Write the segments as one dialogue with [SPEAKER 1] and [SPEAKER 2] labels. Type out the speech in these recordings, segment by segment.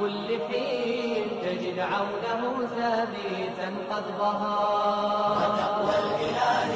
[SPEAKER 1] كل حين تجد عونه ثابتا قد ظهر وتقوى الإله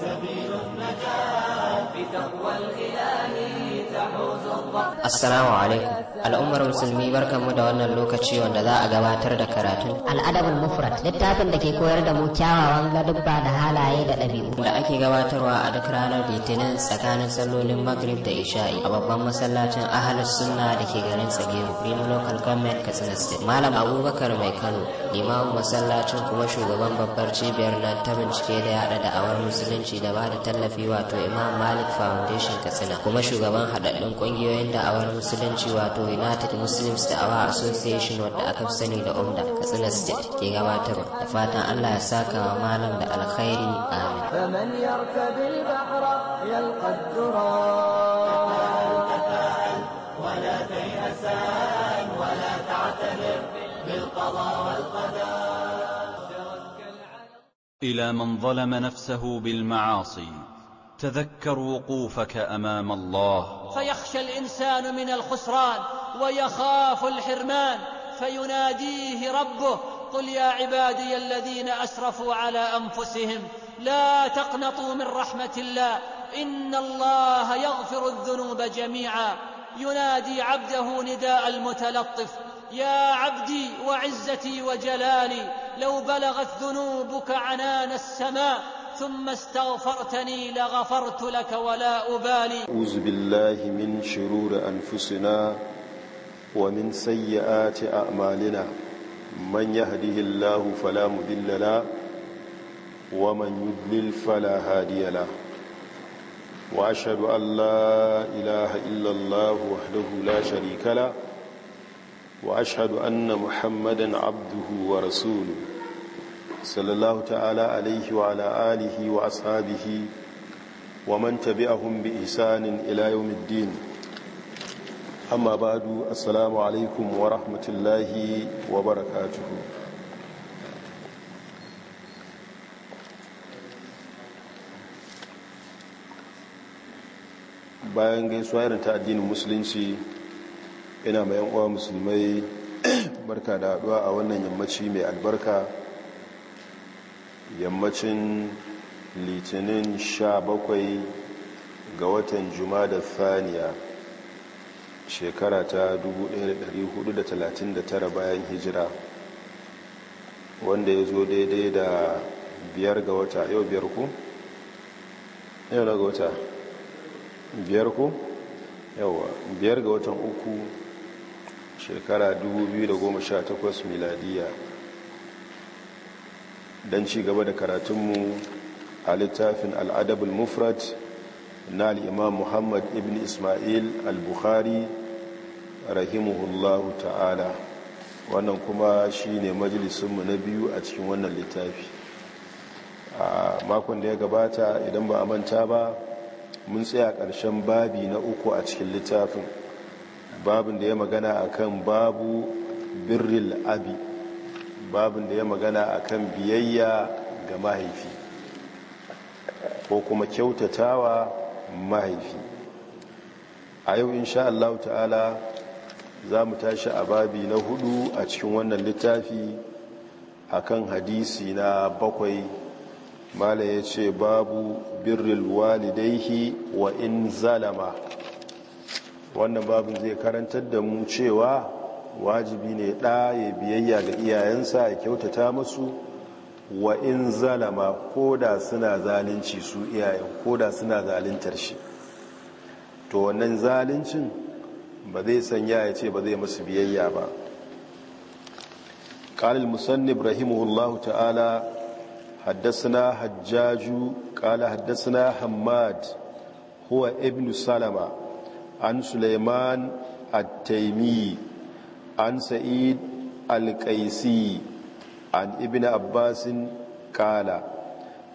[SPEAKER 1] سبيل النجاة بتقوى الإله تحوز الضحى Assalamu alaikum. Al'ummar musulmi barkanmu da wannan lokaci wanda za a gabatar da karatun. Al'adabul mufrad littafin da ke koyar da mu kyawawan gadubba da halaye da ɗabi'u. Da ake gabatarwa a duk ranar Litinin tsakanin sallolin Maghrib da Isha'i a babban masallacin Ahlus Sunna da ke ganin Tsagero, Rimo Local Government Katsina State. Malam Abubakar Mai Kano, limamin masallacin kuma shugaban babbar cibiyar na ta bincike da yaɗa da'awar musulunci da ba da tallafi wato Imam Malik Foundation Katsina, kuma shugaban haɗaɗɗun ƙungiyoyin da'awar da'awar musulunci wato united muslims da awa association wadda aka fi sani da umda katsina state ke gabatarwa da fatan allah ya saka wa malam da alkhairi amin ولا تيأسان ولا تعتذر بالقضاء والقدر إلى من ظلم نفسه بالمعاصي تذكر وقوفك أمام الله
[SPEAKER 2] فيخشى الإنسان من الخسران ويخاف الحرمان فيناديه ربه قل يا عبادي الذين أسرفوا على أنفسهم لا تقنطوا من رحمة الله إن الله يغفر الذنوب جميعا ينادي عبده نداء المتلطف يا عبدي وعزتي وجلالي لو بلغت ذنوبك عنان السماء ثم استغفرتني لغفرت لك ولا أبالي أعوذ بالله من شرور أنفسنا ومن سيئات أعمالنا من يهده الله فلا مذل له ومن يدلل فلا هادي له وأشهد أن لا إله إلا الله وحده لا شريك له وأشهد أن محمدا عبده ورسوله sallallahu ta'ala alaihi wa ala alihi wa ashabihi wa man tabi'ahum bi ihsanin ila yawmiddin amma ba'du assalamu alaikum wa rahmatullahi wa barakatu. bayan gaisuwa irin ta addinin musulunci ina mai yan uwa musulmai barka da haɗuwa a wannan yammaci mai albarka yammacin litinin sha bakwai ga watan da thaniya shekara ta 1439 bayan hijira wanda ya zo daidai da biyar ga wata yau biyar ku? yau na ga wata biyar ku? yawa biyar ga watan uku shekara 2018 miladiyya don ci gaba da karatunmu a littafin al'adabul mufrat na al'imam muhammad ibn ismail al-bukhari rahimuhullahu ta'ala wannan kuma shi ne majalisunmu na biyu a cikin wannan littafi a makon da ya gabata idan ba a manta ba mun tsaya ƙarshen babi na uku a cikin littafin babin da ya magana akan babu birril abi babin da ya magana akan biyayya ga mahaifi ko kuma kyautatawa mahaifi a yau insha Allah ta'ala za mu tashi a babi na hudu a cikin wannan littafi akan hadisi na bakwai mala ya ce babu birril walidaihi wa in zalama wannan babin zai karantar da mu cewa wajibi ne ɗa ya biyayya ga iyayensa ya kyautata masu wa in zalama ko da suna zalunci su iyayen ko da suna zaluntar shi to wannan zaluncin ba zai sanya ya ce ba zai masu biyayya ba قال ta'ala ta'ala na hajjaju ƙala haddasa na hamad huwa ibn salama an suleiman سليمان التيمي an sa'id alƙaisi an ibn abbasin ƙala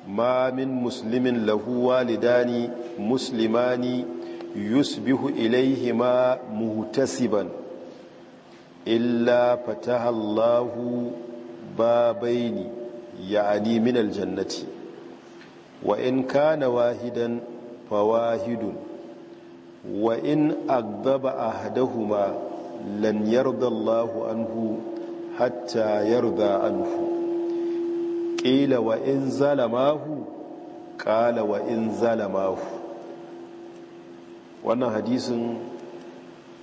[SPEAKER 2] ma min muslimin lahu walidani muslimani yusbihu ilaihima muhtasiban illa fataha Allahu babaini ya'ani min aljannati wa in kana wahidan fawahidun wa in aghdaba ma. lan yarda Allahu anhu hatta yarda anhu qila wa in zalamahu qala wa in zalamahu wannan hadisin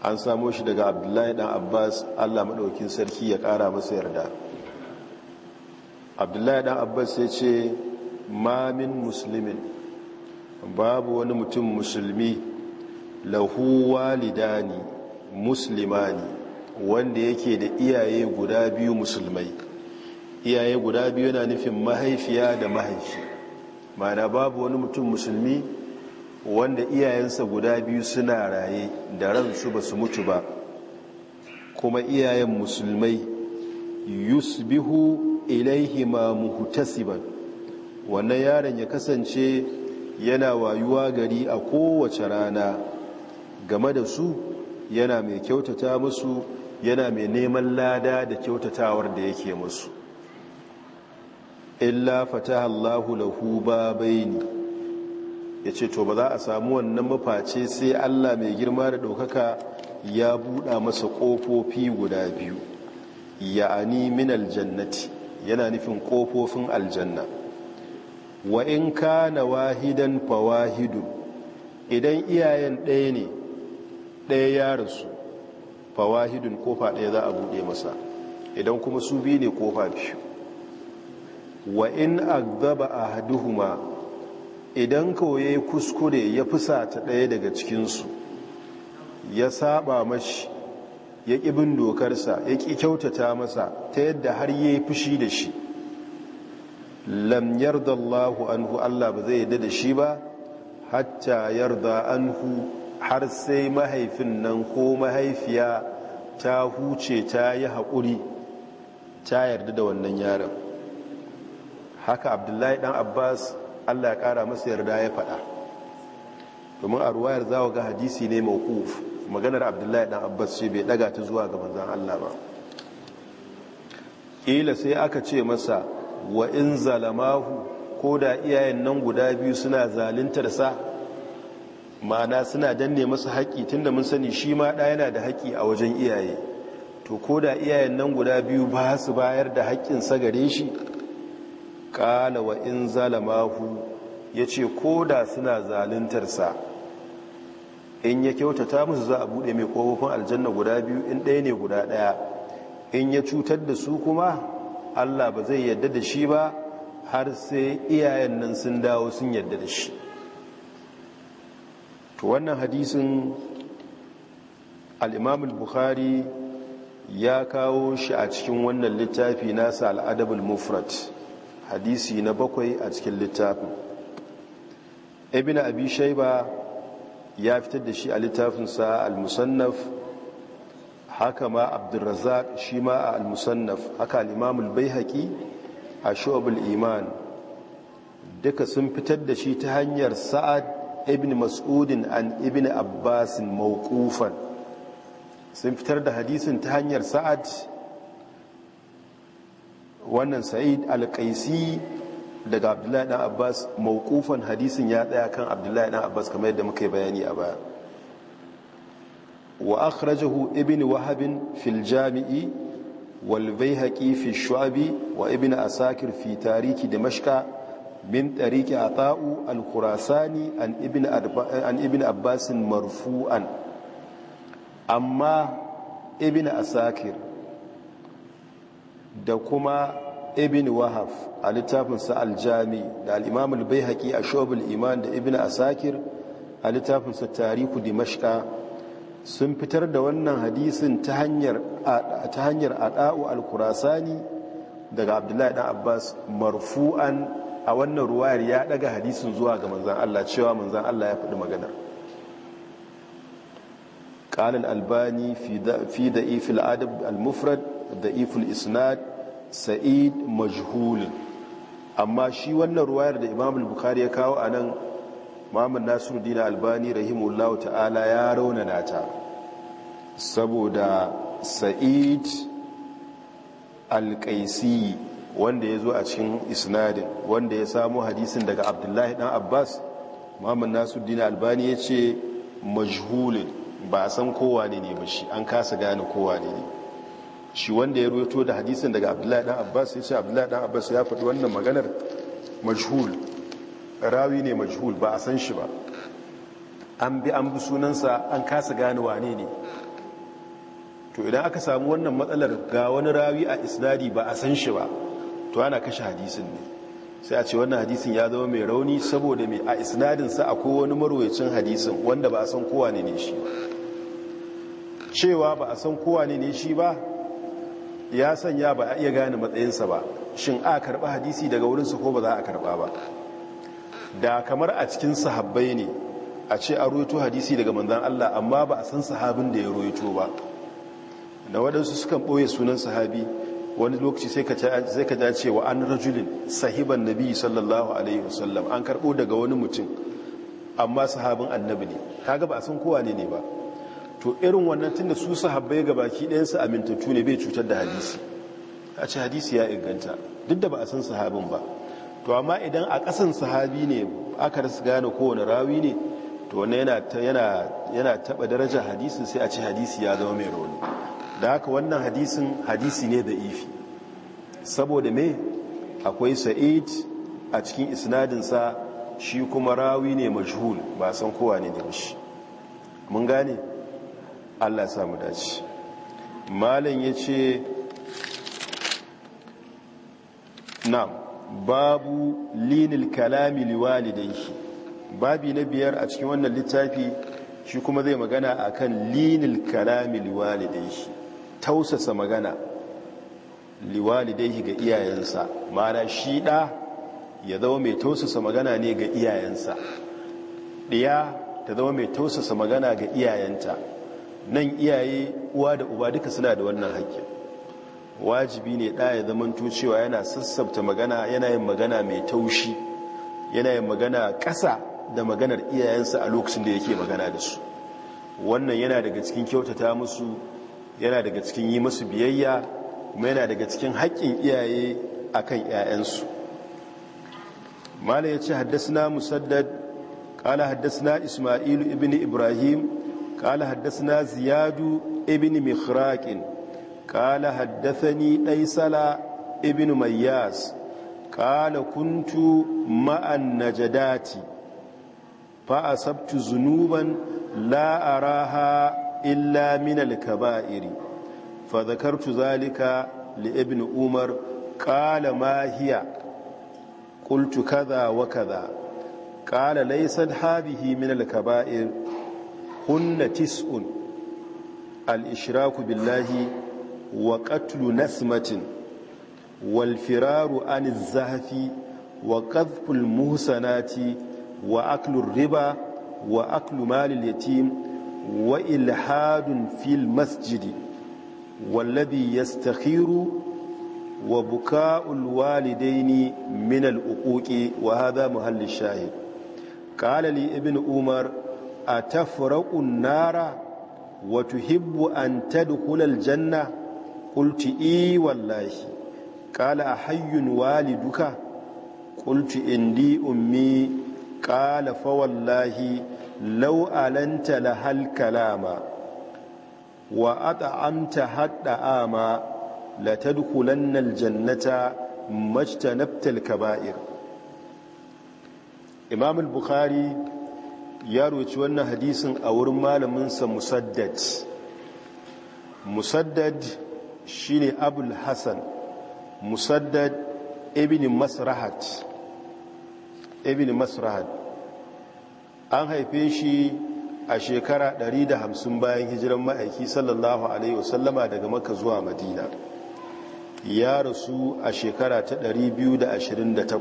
[SPEAKER 2] an samo shi daga Abdullahi dan Abbas Allah madaukin sarki ya kara masa yarda Abdullahi dan Abbas ya ce mamin muslimin babu wani mutum musulmi lahu walidani ne wanda yake da iyaye guda biyu musulmai iyaye guda biyu yana nufin mahaifiya da mahaifi mana babu wani mutum musulmi wanda iyayensa guda biyu suna raye da ransu ba su mutu ba kuma iyayen musulmai yusbihu ilaihima muhtasiban wannan yaron ya kasance yana wayuwa gari a kowace rana game da su yana mai kyautata musu yana mai neman lada da kyautatawar da yake musu illa fataha Allahu lahu babaini yace to ba za a samu wannan maface sai Allah mai girma da daukaka ya buda masa kofofi guda biyu ya'ani min aljannati yana nufin kofofin aljanna wa in kana wahidan fawahidu idan iyayen ɗaya ne ɗaya ya rasu fawahidun kofa ɗaya za a buɗe masa idan kuma su biyu ne kofa biyu wa in agzaba ahaduhuma idan kawai kuskure ya fusata ɗaya daga cikinsu ya saba mashi ya ƙi bin dokarsa ya ƙi kyautata masa ta yadda har ya yi fushi da shi lam yarda Allahu anhu Allah ba zai yarda da shi ba hatta yarda anhu har sai mahaifin nan ko mahaifiya ta huce ta yi haƙuri ta yarda da wannan yaron haka abdullahi dan abbas allah ya ƙara masa yarda ya faɗa domin a ruwayar za ga hadisi ne mawkuf maganar abdullahi dan abbas ce bai ɗaga ta zuwa ga manzan allah ba ƙila sai aka ce masa wa in zalamahu ko da iyayen nan guda biyu suna zalintarsa ma'ana suna danne masa haƙƙi tunda mun sani shi ma ɗa yana da haƙƙi a wajen iyaye to ko da iyayen nan guda biyu ba su bayar da haƙƙinsa gare shi ƙala wa in zalamahu ya ce ko da suna zaluntarsa in ya kyautata musu za a buɗe mai ƙofofin aljanna guda biyu in ɗaya ne guda ɗaya in ya cutar da su kuma allah ba zai yadda da shi ba har sai iyayen nan sun dawo sun yadda da shi to wannan hadisin al'imam bukhari ya kawo shi a cikin wannan littafi nasa al'adabul mufrat hadisi na bakwai a cikin littafin ibn abi shaiba ya fitar da shi a littafinsa al-musannaf haka ma abdulrazak shi ma a al-musannaf haka al'imamul bai haƙi a shu'abul iman duka sun fitar da shi ta hanyar sa'ad ibn mas'udin an ibn abbasin mawqufan sun fitar da hadisin ta hanyar sa'ad wannan sa'id alƙaisi daga abdullahi dan abbas mawqufan hadisin ya tsaya kan abdullahi dan abbas kamar yadda muka yi bayani a baya wa akhrajahu ibn wahabin fil jami'i wal bayhaqi fi shu'abi wa ibn asakir fi tariki damashqa min tariki ata'u al-khurasani an ibn abbasin marfu'an amma ibn asakir da kuma ibn wahaf a al aljami da al'imam al-baihaki a shobul iman da ibn asakir a littafinsa tariku dimashka sun fitar da wannan hadisin ta hanyar ada'u al-khurasani daga abdullahi dan abbas marfu'an a wannan ruwayar ya daga hadisin zuwa ga manzan Allah cewa manzan Allah ya faɗi maganar ƙalin albani fi da ifil adab al-mufrad da ifil isnad sa'id majhulin amma shi wannan ruwayar da imam al-bukhari ya kawo a nan mamun nasiruddin albani rahimullahu ta'ala ya raunana ta saboda sa'id al-qaisi wanda ya zo a cikin isnadin wanda ya samu hadisin daga abdullahi dan abbas muhammad nasuddin albani ya ce majhulin ba a san kowa ne ne ba shi an kasa gane kowa ne ne shi wanda ya roto da hadisin daga abdullahi dan abbas ya ce abdullahi dan abbas ya faɗi wannan maganar majhul rawi ne majhul ba a san shi ba an bi an bi sunansa an kasa gane wane ne to idan aka samu wannan matsalar ga wani rawi a isnadi ba a san shi ba to ana kashe hadisin ne sai a ce wannan hadisin ya zama mai rauni saboda mai a isnadinsa akwai wani marwacin hadisin wanda ba a san kowa ne shi cewa ba a san kowa ne shi ba ya sanya ba a iya gane matsayinsa ba shin a karba hadisi daga wurinsa ko ba za a karɓa ba da kamar a cikin sahabbai ne a ce a roito hadisi daga manzan Allah amma ba a san sahabin da ya roito ba da waɗansu sukan ɓoye sunan sahabi wani lokaci sai ka ja cewa an rajulin sahiban nabi sallallahu alaihi wasallam an karbo daga wani mutum amma sahabin annabi ne kaga ba a san kowa ne ne ba to irin wannan tunda su sahabbai ga baki ɗayansu amintattu ne bai cutar da hadisi a ce hadisi ya inganta duk da ba a san sahabin ba to amma idan a ƙasan sahabi ne aka rasu gane kowane rawi ne to wannan yana taɓa darajar hadisi sai a ce hadisi ya zama mai rauni da haka wannan hadisin hadisi ne da ifi saboda me akwai sa'id a cikin isnadinsa shi kuma rawi ne majhul ba san kowa ne da shi mun gane allah ya samu dace malam ya ce na babu linil kalami liwalidaihi babi na biyar a cikin wannan littafi shi kuma zai magana akan linil kalami liwalidaihi tausasa magana liwalidaihi ga iyayensa mana shi ɗa ya zama mai tausasa magana ne ga iyayensa ɗiya ta zama mai tausasa magana ga iyayenta nan iyaye uwa da uba duka suna da wannan haƙƙi wajibi ne ɗaya ya zama cewa yana sassabta magana yana yin magana mai taushi yana yin magana ƙasa da maganar iyayensa a lokacin da yake magana da su wannan yana daga cikin kyautata musu yana daga cikin yi masu biyayya kuma yana daga cikin haƙƙin iyaye a kan 'ya'yansu mala ya ce haddasa musaddad ƙala haddasa ismailu ibn ibrahim ƙala haddasa ziyadu ibn mikhraƙin ƙala haddasa ni ɗaisala ibn mayyas ƙala kuntu ma'an na fa fa’asabtu zunuban la'araha illa min al-kaba'iri fa zakartu zalika li ibn umar qala ma hiya qultu kaza wa kaza qala laysa hadhihi min al-kaba'ir hunna tis'un al-ishraku billahi wa qatlu nasmatin wal firaru an az-zahfi wa qadhful muhsanati wa aklu riba wa aklu malil yatim wa ilhadun fil masjidi wallabi yastakhiru wa buka'ul walidaini min al wa hadha muhalli shahi Ƙalali li ibn umar a tafraƙun nara wato Hibbu an tadkhula al-janna qultu i wallahi qala ahayyun waliduka qultu indi ummi Ƙala fa wallahi lau'alanta lahal kalama wa at'amta hadda'ama la tadkhulanna aljannata majtanabta alkaba'ir imam al-bukhari ya roci wannan hadisin a wurin malaminsa musaddad musaddad shine abul hasan musaddad ibn masrahat an haife shi a shekara 150 bayan hijiran ma'aiki sallallahu alaihi wasallama daga maka zuwa madina ya rasu a shekara ta 228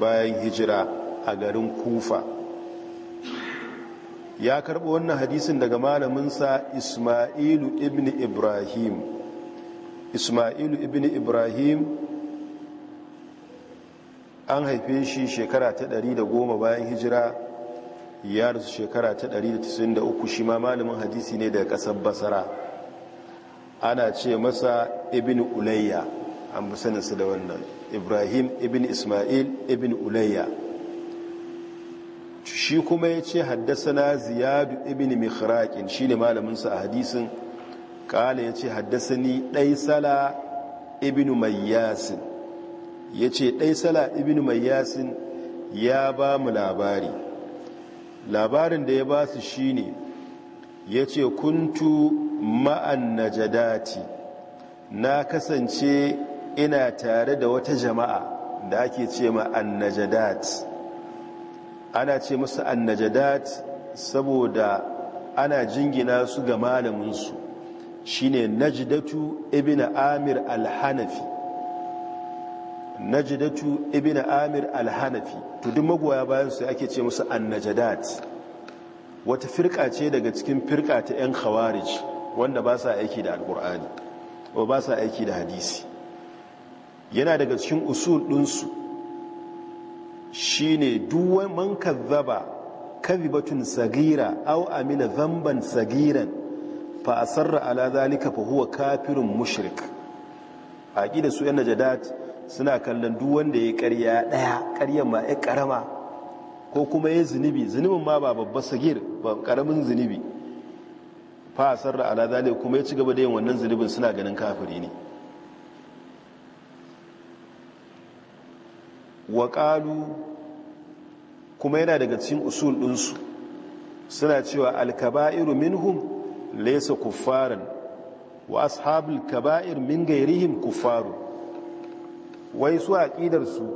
[SPEAKER 2] bayan hijira a garin kufa ya karɓi wannan hadisin daga malaminsa ismailu ibn ibrahim ismailu ibn ibrahim an haife shi shekara ta 110 bayan hijira ya rasu shekara ta 193 shi ma malamin hadisi ne daga kasar basara ana ce masa ibn ulayya an saninsa da wannan ibrahim ibn ismail ibn ulayya shi kuma ya ce haddasa ziyadu ibn mikhraƙin shi ne malaminsa a hadisin ƙala ya ce haddasa ni ɗaisala ibn mayyasin ya ce ɗaisala ibn mayasin ya ba mu labari labarin da ya ba su shi ne ya ce kuntu ma'an najadati na kasance ina tare da wata jama'a da ake ce ma'an najadat ana ce musu an najadat saboda ana jingina su ga malaminsu shine najdatu ibina amir Alhanafi. hanafi najdatu ibn amir al-hanafi to duk magoya bayan su ake ce musu an-najadat wata firka ce daga cikin firka ta yan khawarij wanda ba sa aiki da alqur'ani ko ba sa aiki da hadisi yana daga cikin usul din su shine duk man kazzaba kadhibatun sagira aw amila dhanban sagiran fa asarra ala zalika fa huwa kafirun mushrik aqida su yan najadat suna kallon duk wanda ya karya daya karyar ma ya karama ko kuma ya zunubi zunubin ma ba babba sagir ba karamin zunubi fa sarra ala zalika kuma ya ci gaba da yin wannan zunubin suna ganin kafiri ne wa kuma yana daga cikin usul ɗinsu suna cewa alkaba'iru minhum laysa kuffaran wa ashabul kaba'ir min gairihim kuffaru wai su a aƙidarsu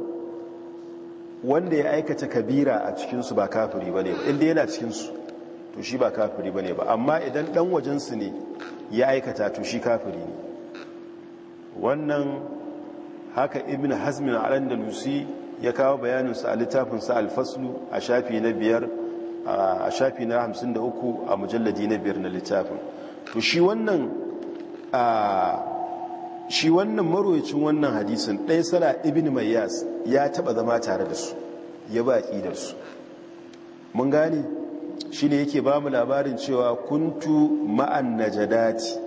[SPEAKER 2] wanda ya aikata kabira a cikinsu ba kafiri ba ne ba inda yana cikinsu to shi ba kafiri ba ne ba amma idan ɗan wajensu ne ya aikata to shi kafiri ne wannan haka ibn hazmin al'andalusi ya kawo bayaninsu a littafinsa alfaslu a shafi na biyar a shafi na hamsin da uku a mujalladi na biyar na littafin to shi wannan shi wannan marowacin wannan hadisin ɗaya sala mai yas ya taɓa zama tare da su ya ba ƙidarsu mun gane shi ne yake ba mu labarin cewa kuntu ma'an jadati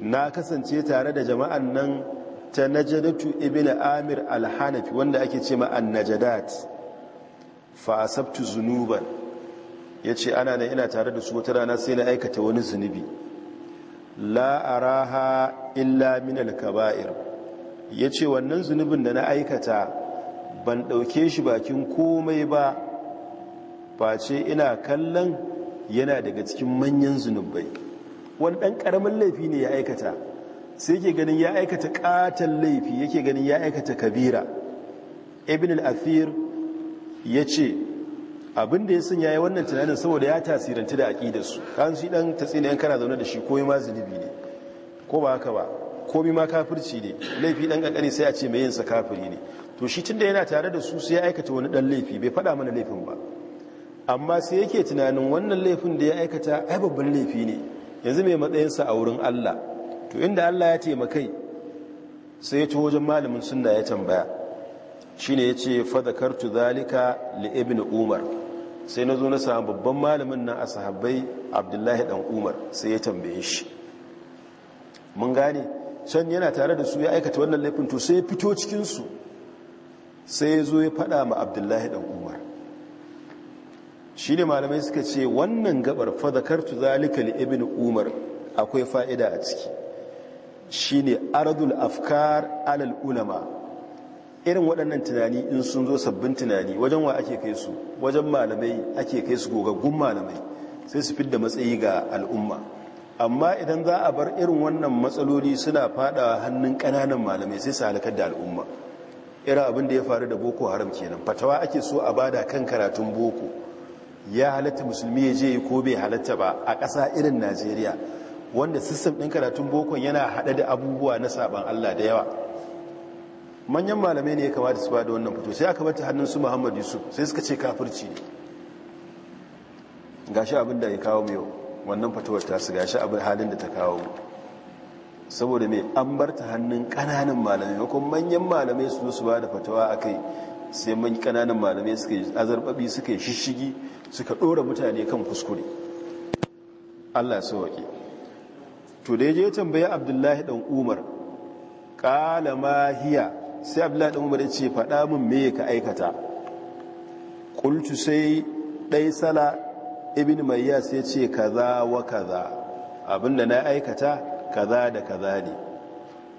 [SPEAKER 2] na kasance tare da jama'an nan ta najadatu ibini amir alhanafi wanda ake ce ma'an najadati fa asabtu zunuban ya ce ana na ina tare da su wata rana sai na aikata wani zunubi la'araha illa min alkaba'ir ya ce wannan zunubin da na aikata ban ɗauke shi bakin komai ba Ba ce ina kallon yana daga cikin manyan zunubai wani ɗan ƙaramin laifi ne ya aikata sai ke ganin ya aikata ƙatan laifi yake ganin ya aikata kabira ibn al afir ya ce abin da ya sun yi wannan tunanin saboda ya tasiranci da aƙidarsu kan shi ɗan tatsina yan kana zaune da shi komi ma zunubi ne ko ba haka ba komi ma kafirci ne laifi ɗan ƙanƙani sai a ce mai yinsa kafiri ne to shi tun da yana tare da su sai ya aikata wani ɗan laifi bai faɗa mana laifin ba amma sai yake tunanin wannan laifin da ya aikata ai babban laifi ne yanzu mai matsayinsa a wurin allah to inda allah ya taimakai sai ya ci wajen malamin sunna ya tambaya shine ya ce fadakartu zalika li ibn umar sai na zo na samu babban malamin nan a sahabbai abdullahi dan umar sai ya tambaye shi mun gane can yana tare da su ya aikata wannan laifin to sai ya fito cikinsu sai ya zo ya faɗa ma abdullahi dan umar shi ne malamai suka ce wannan gabar fadakartu zalika li ibn umar akwai fa'ida a ciki shine arzul afkar alal ulama irin waɗannan tunani in sun zo sabbin tunani wajen wa ake kai su wajen malamai ake kai su gogaggun malamai sai su fidda matsayi ga al'umma amma idan za a bar irin wannan matsaloli suna fada hannun ƙananan malamai sai su halakar da al'umma irin abin da ya faru da boko haram kenan fatawa ake so a bada kan karatun boko ya halatta musulmi ya je ko bai halatta ba a ƙasa irin najeriya wanda sistem ɗin karatun bokon yana haɗe da abubuwa na sabon allah da yawa manyan malamai ne ya kamata su ba da wannan fito sai aka bata hannun su muhammad yusuf sai suka ce kafirci ne gashi abin da ya kawo mai wannan fatowar ta su gashi abin halin da ta kawo saboda mai an bar ta hannun kananan malamai ko manyan malamai su su ba da fatawa a kai sai man kananan malamai suka yi azarbabi suka yi shishigi suka ɗora mutane kan kuskure allah waƙi to da ya je tambaya abdullahi dan umar ƙala mahiya sai abdullahi ɗan umar ya ce faɗa min me ka aikata qultu sai dai sala ibn mayyas ya ce kaza wa kaza abinda na aikata kaza da kaza ne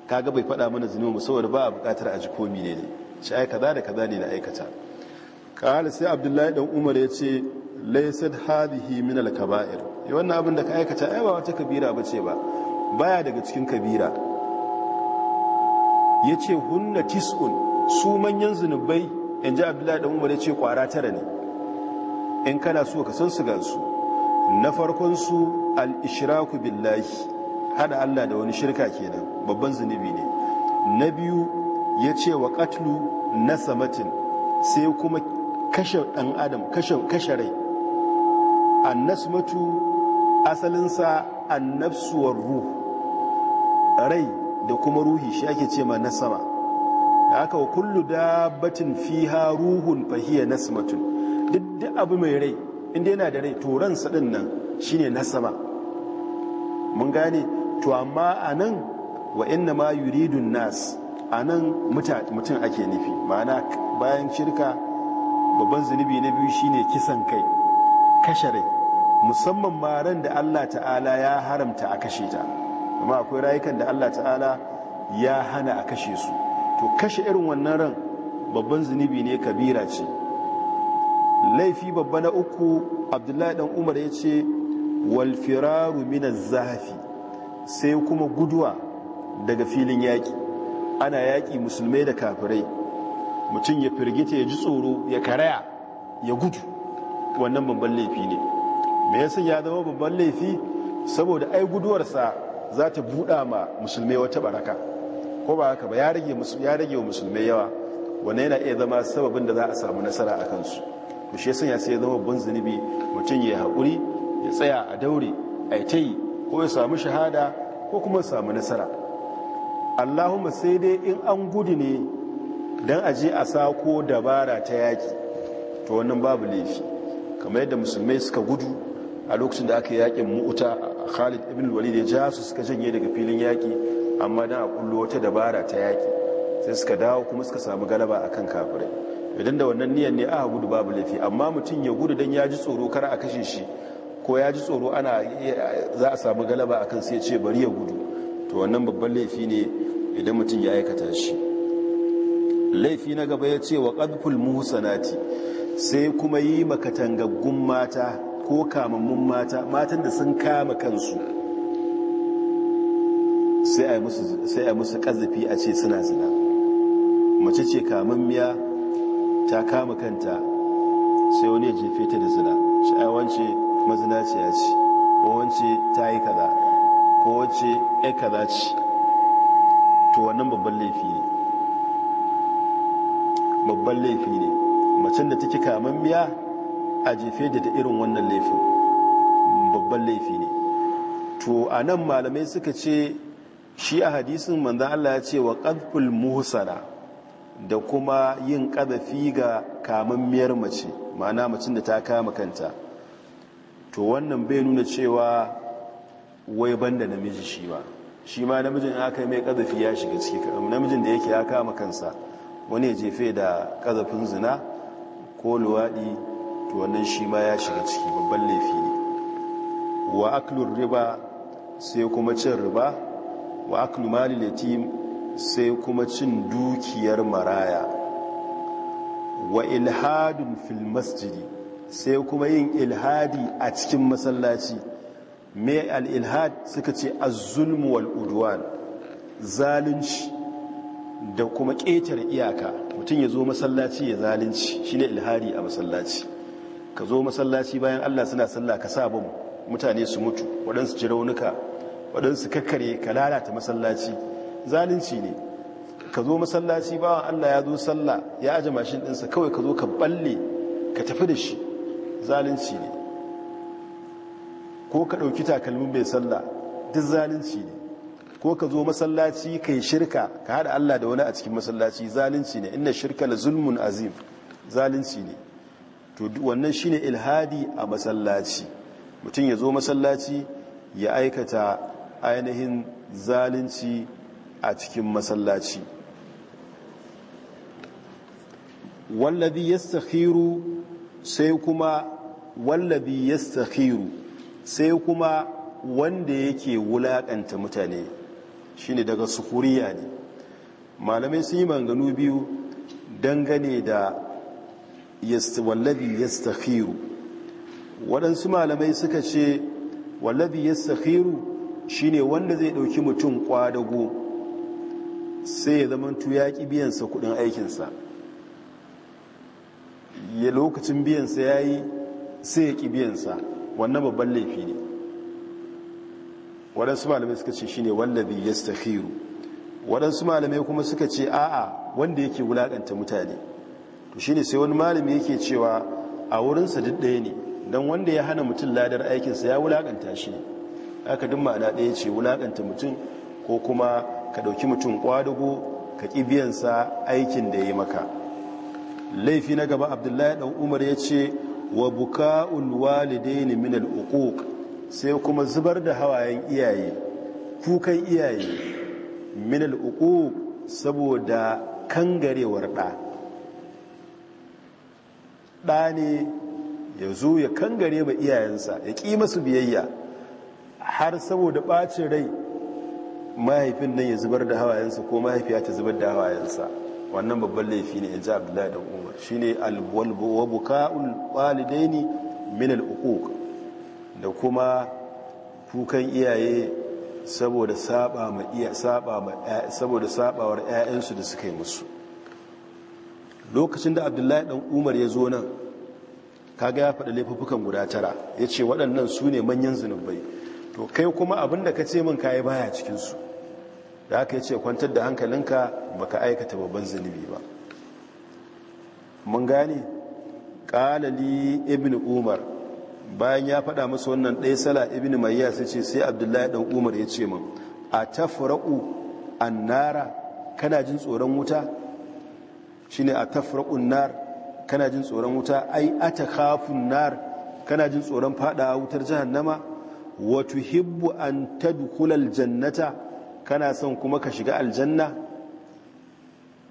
[SPEAKER 2] Ka ga bai faɗa mana zinu mu saboda ba a buƙatar a ji komi ne shi ai kaza da kaza ne na aikata hali sai abdullahi dan umar ya ce laysat hadhihi min al-kaba'ir wannan abin da ka aikata ai ba wata kabira ce ba baya daga cikin kabira ya ce hunna tis'un su manyan zunubai in ji abdullahi ɗan umar ya ce ƙwara tara ne in kana so ka san su gansu na farkon su al billahi hada Allah da wani shirka kenan babban zunubi ne na biyu ya ce wa katlu na samatin sai kuma kashe ɗan adam kashe rai annasmatu asalinsa annafsuwar ruhu rai da kuma ruhi shi ake ce ma nasama da aka wa kullu dabbatin ha ruhun fahiya nasmatun duk da abu mai rai inda yana da rai to ransa shi nan shine nasama mun gane to amma a nan, wa inna ma yuridun nas nan mutum ake nufi ma'ana bayan shirka babban zunubi na biyu shi ne kisan kai kashe rai musamman ma ran da Allah ta'ala ya haramta a kashe ta amma akwai rayukan da Allah ta'ala ya hana a kashe su to kashe irin wannan ran babban zunubi ne kabira ce laifi babba na uku abdullahi dan umar ya ce walfiraru minan zafi sai kuma guduwa daga filin yaƙi ana yaƙi musulmai da kafirai mutum ya firgita ya ji tsoro ya karaya ya gudu wannan babban laifi ne me yasa ya zama babban laifi saboda ai guduwarsa za ta buɗa ma musulmai wata baraka ko ba haka ba ya rage wa musulmai yawa wane yana iya zama sababin da za a samu nasara a kansu to shi sun ya sai zama bun zunubi mutum ya haƙuri ya tsaya a daure a yi ta yi ko ya samu shahada ko kuma samu nasara allahumma sai dai in an gudu ne don a je a sako dabara ta yaki. to wannan babu laifi kamar yadda musulmai suka gudu a lokacin da aka yaƙin mu'uta khalid ibn walid ya ja su suka janye daga filin yaki amma dan a kullo wata dabara ta yaki sai suka dawo kuma suka samu galaba akan kafirai idan da wannan niyan ne aka gudu babu laifi amma mutum ya gudu dan ya ji tsoro kar a kashe shi ko ya ji tsoro ana za a samu galaba akan sai ya ce bari ya gudu to wannan babban laifi ne idan mutum ya aikata shi laifi na gaba ya ce wa ƙadful muhusanati sai kuma yi makatangaggun mata ko kamammun mata matan da sun kama kansu sai a musu ƙazafi a ce suna zina mace ce kamammiya ta kama kanta sai wani ya jefe ta da zina a wance mazina ce ya ko wance ta yi kaza ko wace ya kaza ce to wannan babban laifi ne babban laifi ne macen da take kamammiya a jefe da ta irin wannan laifin babban laifi ne to a nan malamai suka ce shi a hadisin manzan Allah ya ce wa ƙadful muhsana da kuma yin ƙadafi ga miyar mace ma'ana macin da ta kama kanta to wannan bai nuna cewa wai banda namiji shi ba shi ma namijin aka mai ƙadafi ya shiga ciki namijin da yake ya kama kansa wani ya jefe da ƙazafin zina ko luwaɗi to wannan shi ma ya shiga ciki babban laifi ne wa aklur riba sai kuma cin riba wa aklu mali latim sai kuma cin dukiyar maraya wa ilhadun fil masjidi sai kuma yin ilhadi a cikin masallaci me al-ilhad suka ce az-zulm wal udwan zalunci da kuma ƙetare iyaka mutum ya zo masallaci ya zalunci shine ilhadi a masallaci ka zo masallaci bayan allah suna sallah ka sa bom mutane su mutu waɗansu ci raunuka waɗansu kakkare ka lalata masallaci zalunci ne ka zo masallaci bawan allah ya zo sallah ya aje mashin ɗinsa kawai ka zo ka balle ka tafi da shi zalunci ne ko ka ɗauki takalmin bai sallah duk zalunci ne ko ka zo masallaci ka shirka ka haɗa Allah da wani a cikin masallaci zalunci ne inna shirka la zulmun azim zalunci ne to wannan shine ilhadi a masallaci mutum ya zo masallaci ya aikata ainihin zalunci a cikin masallaci wallabi yastakhiru sai kuma wallabi yastakhiru sai kuma wanda yake wulaƙanta mutane shine daga sukuriya ne malamai sun yi manganu biyu dangane da wallabi stakhiru waɗansu malamai suka ce wallabi shi ne wanda zai ɗauki mutum ƙwadago sai ya zamantu ya ƙi biyansa kuɗin aikinsa ya lokacin biyansa ya yi sai ya ƙi biyansa wannan babban laifi ne waɗansu malamai suka ce shi ne wallabi stakhiru waɗansu malamai kuma suka ce a'a wanda yake wulaƙanta mutane to shine sai wani malami yake cewa a wurinsa duk ɗaya ne don wanda ya hana mutum ladar aikinsa ya wulaƙanta shi ne aka duk ma'ana ɗaya ce wulaƙanta mutum ko kuma ka ɗauki mutum ƙwadago ka ƙi biyansa aikin da ya maka laifi na gaba abdullahi ɗan umar ya ce wa buka'ul walidaini min al'uquq sai kuma zubar da hawayen iyaye kukan iyaye min al'uquq saboda kangarewar ɗa ɗa ne ya zo ya kangare ma iyayensa ya ƙi masu biyayya har saboda ɓacin rai mahaifin nan ya zubar da hawayensa ko mahaifiya ta zubar da hawayensa wannan babban laifi ne in ji abdullahi da umar shi ne alwabuka'ul walidaini min al'uquq da kuma kukan iyaye saboda saba ma iya sabawar ƴaƴansu da suka yi musu lokacin da abdullahi ɗan umar ya zo nan kaga ya faɗi laifukan guda tara ya ce waɗannan su ne manyan zunubai to kai kuma abin da ka ce min kayi baya cikinsu da aka yi ce kwantar da hankalinka ka aikata babban zunubi ba mun gane ƙalali ibn umar bayan ya faɗa masa wannan ɗaya sala ibn mayya sai ce sai abdullahi ɗan umar ya ce min a an-Nara kana jin tsoron wuta shine a tafraqun nar kana jin tsoron wuta ai atakhafun nar kana jin tsoron fada wutar jahannama wato hibbu an tadkhula aljannata kana son kuma ka shiga aljanna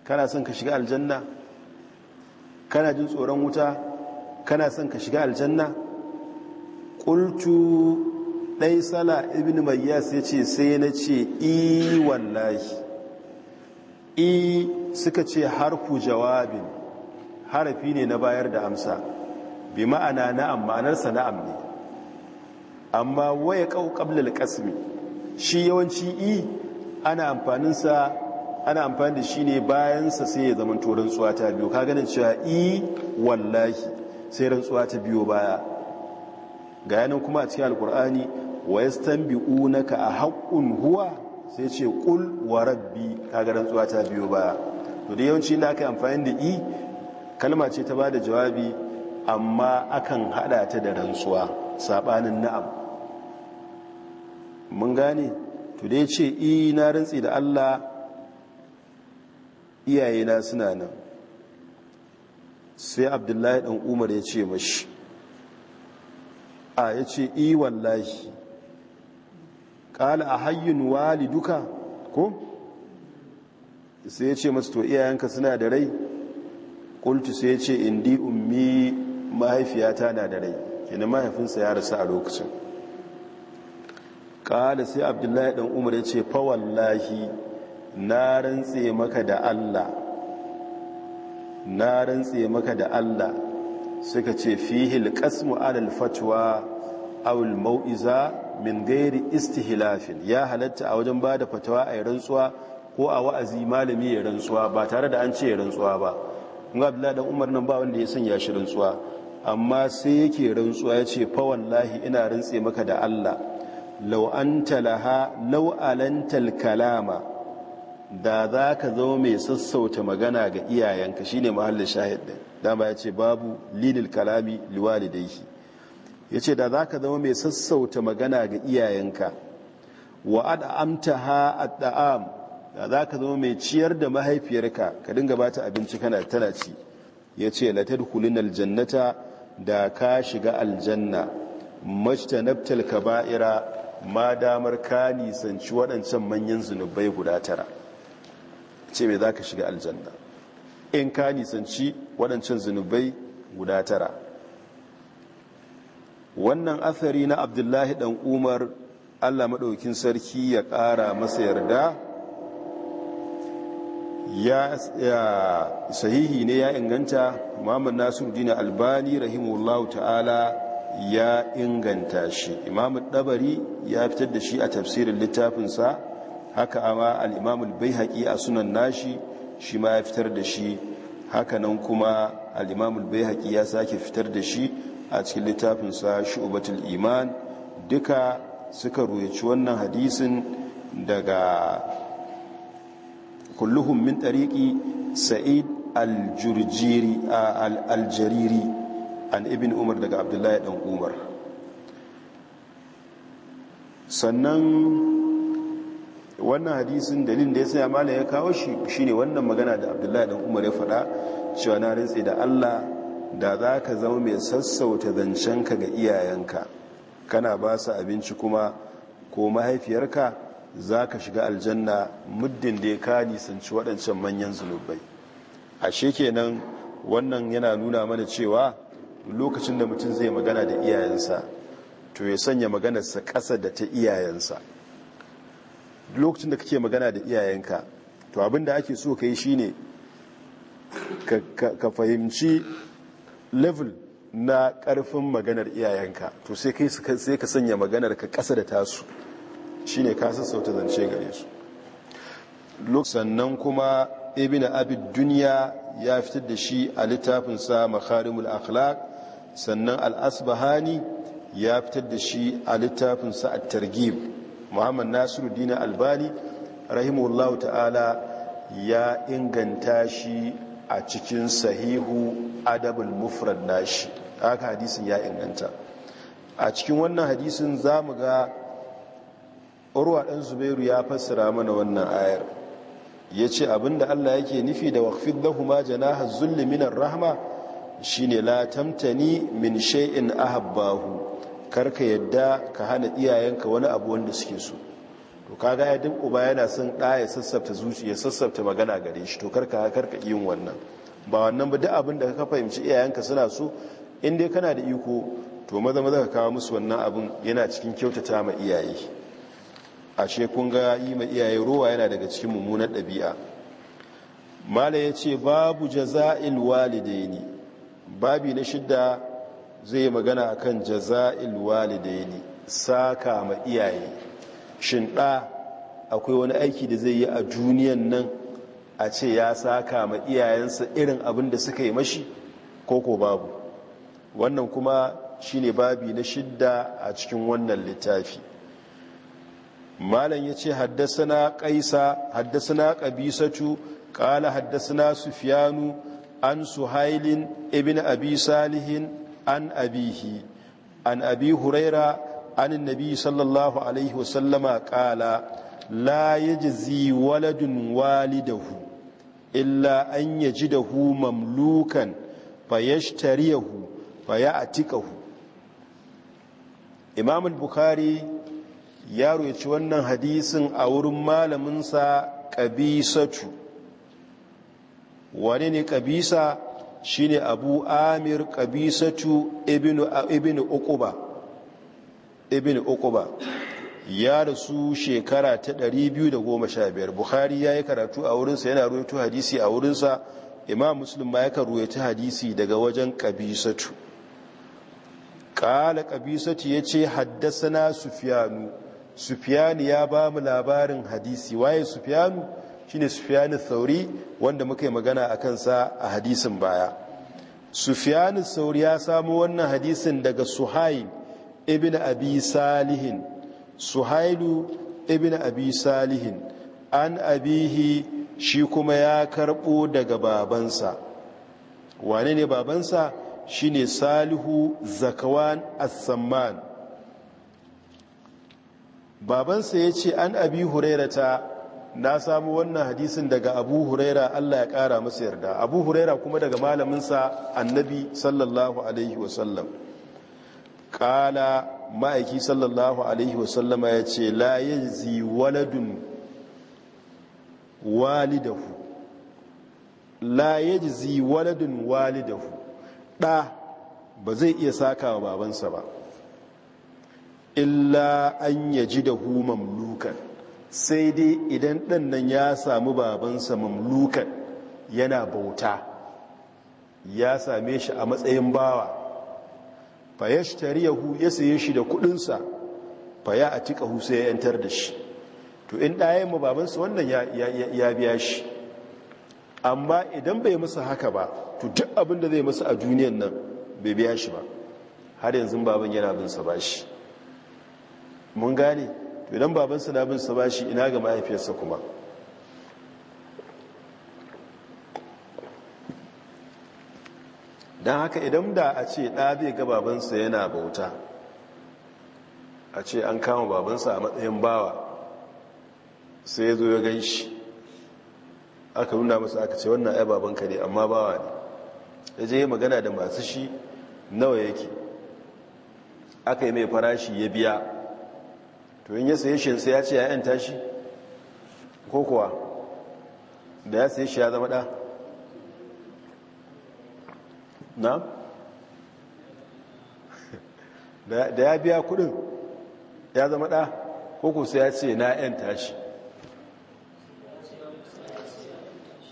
[SPEAKER 2] kana son ka shiga aljanna kana jin tsoron wuta kana son ka shiga aljanna qultu dai sala ibn mayyas yace sai na ce i wallahi i suka ce har ku jawabin harafi ne na bayar da amsa bi ma'ana na'am ma'anarsa na'am ne amma waya ƙauƙablal ƙasmi shi yawanci i ana amfaninsa ana amfani da shi ne bayansa sai ya zama turin rantsuwa ta biyu ka ganin cewa i wallahi sai rantsuwa ta biyo baya ga yanin kuma a cikin alkur'ani wa naka a haƙƙun huwa sai ce ƙul wa rabbi ka ga rantsuwa ta biyu baya to da yawanci na aka amfani da i kalma ce ta ba da jawabi amma akan hada ta da rantsuwa sabanin na'am mun gane to da ya ce i na rantsi da allah iyayena suna nan sai abdullahi dan umar ya ce mashi a ya ce i wallahi ƙala a hayyun wali duka ko sai ya ce masu to iyayenka suna da rai ƙuntu sai ya ce indi ummi mahaifiyata na da rai yana mahaifinsa ya rasu a lokacin ƙada sai abdullahi ɗan umar ya ce fawallahi na rantse maka da allah na rantse maka da allah suka ce fihil kasmu alal fatwa awul mau'iza min gairi istihilafin ya halatta a wajen ba da fatawa a yi rantsuwa ko a wa'azi malami ya rantsuwa ba tare da an ce ya rantsuwa ba kuma abdullahi dan umar nan ba wanda ya sanya shi rantsuwa amma sai yake rantsuwa ya ce fa wallahi ina rantse maka da Allah law anta laha law da za ka zama mai sassauta magana ga iyayenka shine mahallin shahid din dama ya ce babu lilil kalami liwalidayhi ya ce da za ka zama mai sassauta magana ga iyayenka wa ad'amta ha ad'am za ka zama mai ciyar da mahaifiyarka ka dinga ba ta abinci kana tana ci ya ce latar hulun aljannata da ka shiga aljanna majta naftal ka ba'ira ma damar ka nisanci waɗancan manyan zunubai guda tara ce mai za ka shiga aljanna in ka nisanci waɗancan zunubai guda tara wannan athari na abdullahi ɗan umar allah maɗaukin sarki ya ƙara masa yarda ya sahihi ne ya inganta imamun dina albani rahimahullahu ta'ala ya inganta shi imamun dabari ya fitar da shi a tafsirin littafinsa haka ama al'imamun bai haƙi a sunan nashi shi ma ya fitar da shi Haka nan kuma al'imamun bai haƙi ya sake fitar da shi a cikin littafinsa shu'ubatul iman duka suka ruwaci wannan hadisin daga kulluhum min tariqi sa'id al-jurjiri al-jariri an ibn umar daga abdullahi dan umar sannan wannan hadisin dalilin da ya saya amala ya kawo shi shine wannan magana da abdullahi dan umar ya faɗa cewa na rintse da allah da za ka zama mai sassauta zancenka ga iyayenka kana ba su abinci kuma ko mahaifiyarka za ka shiga aljanna muddin da ya ka nisanci waɗancan manyan zunubai ashe kenan wannan yana nuna mana cewa lokacin da mutum zai magana da iyayensa to ya sanya maganarsa ƙasa da ta iyayensa lokacin da kake magana da iyayenka to abin da ake so ka yi ne, ka fahimci level na ƙarfin maganar iyayenka to sai ka sanya maganar ka ƙasa da tasu Shi ne ka sassauta zance gare su sannan kuma ibn abid duniya ya fitar da shi a littafinsa makarimul akhlaq sannan al-asbahani ya fitar da shi a littafinsa a targib muhammad nasiruddin albani rahimahullahu ta'ala ya inganta shi a cikin sahihu adabul mufrad nashi haka hadisin ya inganta a cikin wannan hadisin za mu ga urwa ɗan zubairu ya fassara mana wannan ayar ya ce abinda allah yake nufi da wakfin lahuma janaha zulli minar rahama shine la tamtani min shay'in ahabbahu karka yadda ka hana iyayenka wani abu wanda suke so to kaga ya duk uba yana son ɗaya ya sassafta zuciya sassafta magana gare shi to karka karka yin wannan ba wannan ba duk abin da ka fahimci iyayenka suna so in dai kana da iko to maza maza ka kawo musu wannan abin yana cikin kyautata ma iyaye ashe kun ga yi ma iyaye ruwa yana daga cikin mummunar ɗabi'a mala ya ce babu jaza'il walidaini babi na shidda zai magana a kan jaza'il walidaini saka ma iyaye shin ɗa akwai wani aiki da zai yi a duniyan nan a ce ya saka ma iyayensa irin abin da suka yi mashi koko babu wannan kuma shine babi na shidda a cikin wannan littafi malam ya ce haddasa ƙaisa na ƙabisatu ƙala na sufiyanu an suhailin ibn abi salihin an abihi an abi huraira an nabi sallallahu alaihi wasallama ƙala la jizi waladun walidahu illa an ji hu mamlukan fayashtariyahu fayatikahu hu. al bukari. yaro ya ci wannan hadisin a wurin malaminsa ƙabisatu wane ne ƙabisa shi ne abu amir ƙabisatu ibn ukuba ibn ukuba ya rasu shekara ta 215 Buhari ya yi karatu a wurinsa yana ruwaitu hadisi a wurinsa imam muslim ma ya ruwaito hadisi daga wajen ƙabisatu ƙala ƙabisatu ya ce haddasa na sufiyanu sufiyanu ya ba mu labarin hadisi waye sufiyanu shine sufiyanu sauri wanda muka yi magana a kansa a hadisin baya sufiyanu sauri ya samu wannan hadisin daga suhail ibn abi salihin suhailu ibn abi salihin an abihi shi kuma ya karbo daga babansa wane ne babansa shine salihu zakawan as-samman babansa ya ce an abi hurairata na samu wannan hadisin daga abu huraira allah ya kara masa yarda abu huraira kuma daga malaminsa annabi sallallahu alaihi wasallam kala ma'aiki sallallahu alaihi wasallam ya ce la zi waladun walidahu la zi waladun walidahu ɗa ba zai iya saka wa babansa ba illa an yaji da hu mamlukan sai dai idan ɗannan ya samu babansa mamlukan yana bauta ya same shi a matsayin bawa fa ya shi ya saye shi da kudinsa fa ya a tikahu sai ya yantar da shi to in ɗaya mu babansa wannan ya biya shi amma idan bai musu haka ba to duk abin da zai musu a duniyan nan bai biya shi ba har yanzu baban yana bin sa shi mun gane to idan babansa na bin sa bashi ina ga mahaifiyarsa kuma don haka idan da a ce ɗa zai ga babansa yana bauta a ce an kama babansa a matsayin bawa sai ya zo ya gan shi aka nuna masa aka ce wannan ai babanka ne amma bawa ne ya je magana da masu shi nawa yake aka yi mai farashi ya biya to yin ya saye shi sai ya ce ya yanta shi ko kuwa da ya saye shi ya zama ɗa na da ya biya kudin ya zama ɗa ko ku sai ya ce na yanta shi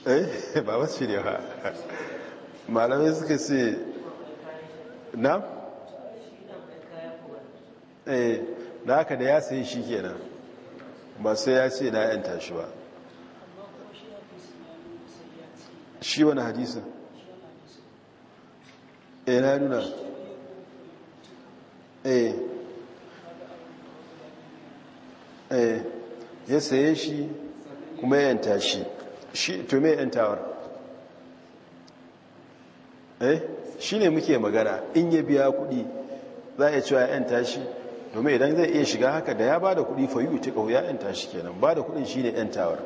[SPEAKER 2] eh ba wasu shi ne ba malamai suka sai na eh da haka da ya sayi shi kenan ba sai ya ce na yanta shi ba shi wani hadisun e eh, na nuna e e ya saye shi kuma yanta shi shi to me yantawar eh shi ne muke magana in ya biya kudi za a cewa yanta shi domin idan zai iya shiga haka da ya ba da kuɗi fayu ta ya yanta shi kenan ba da kuɗin shi ne yantawar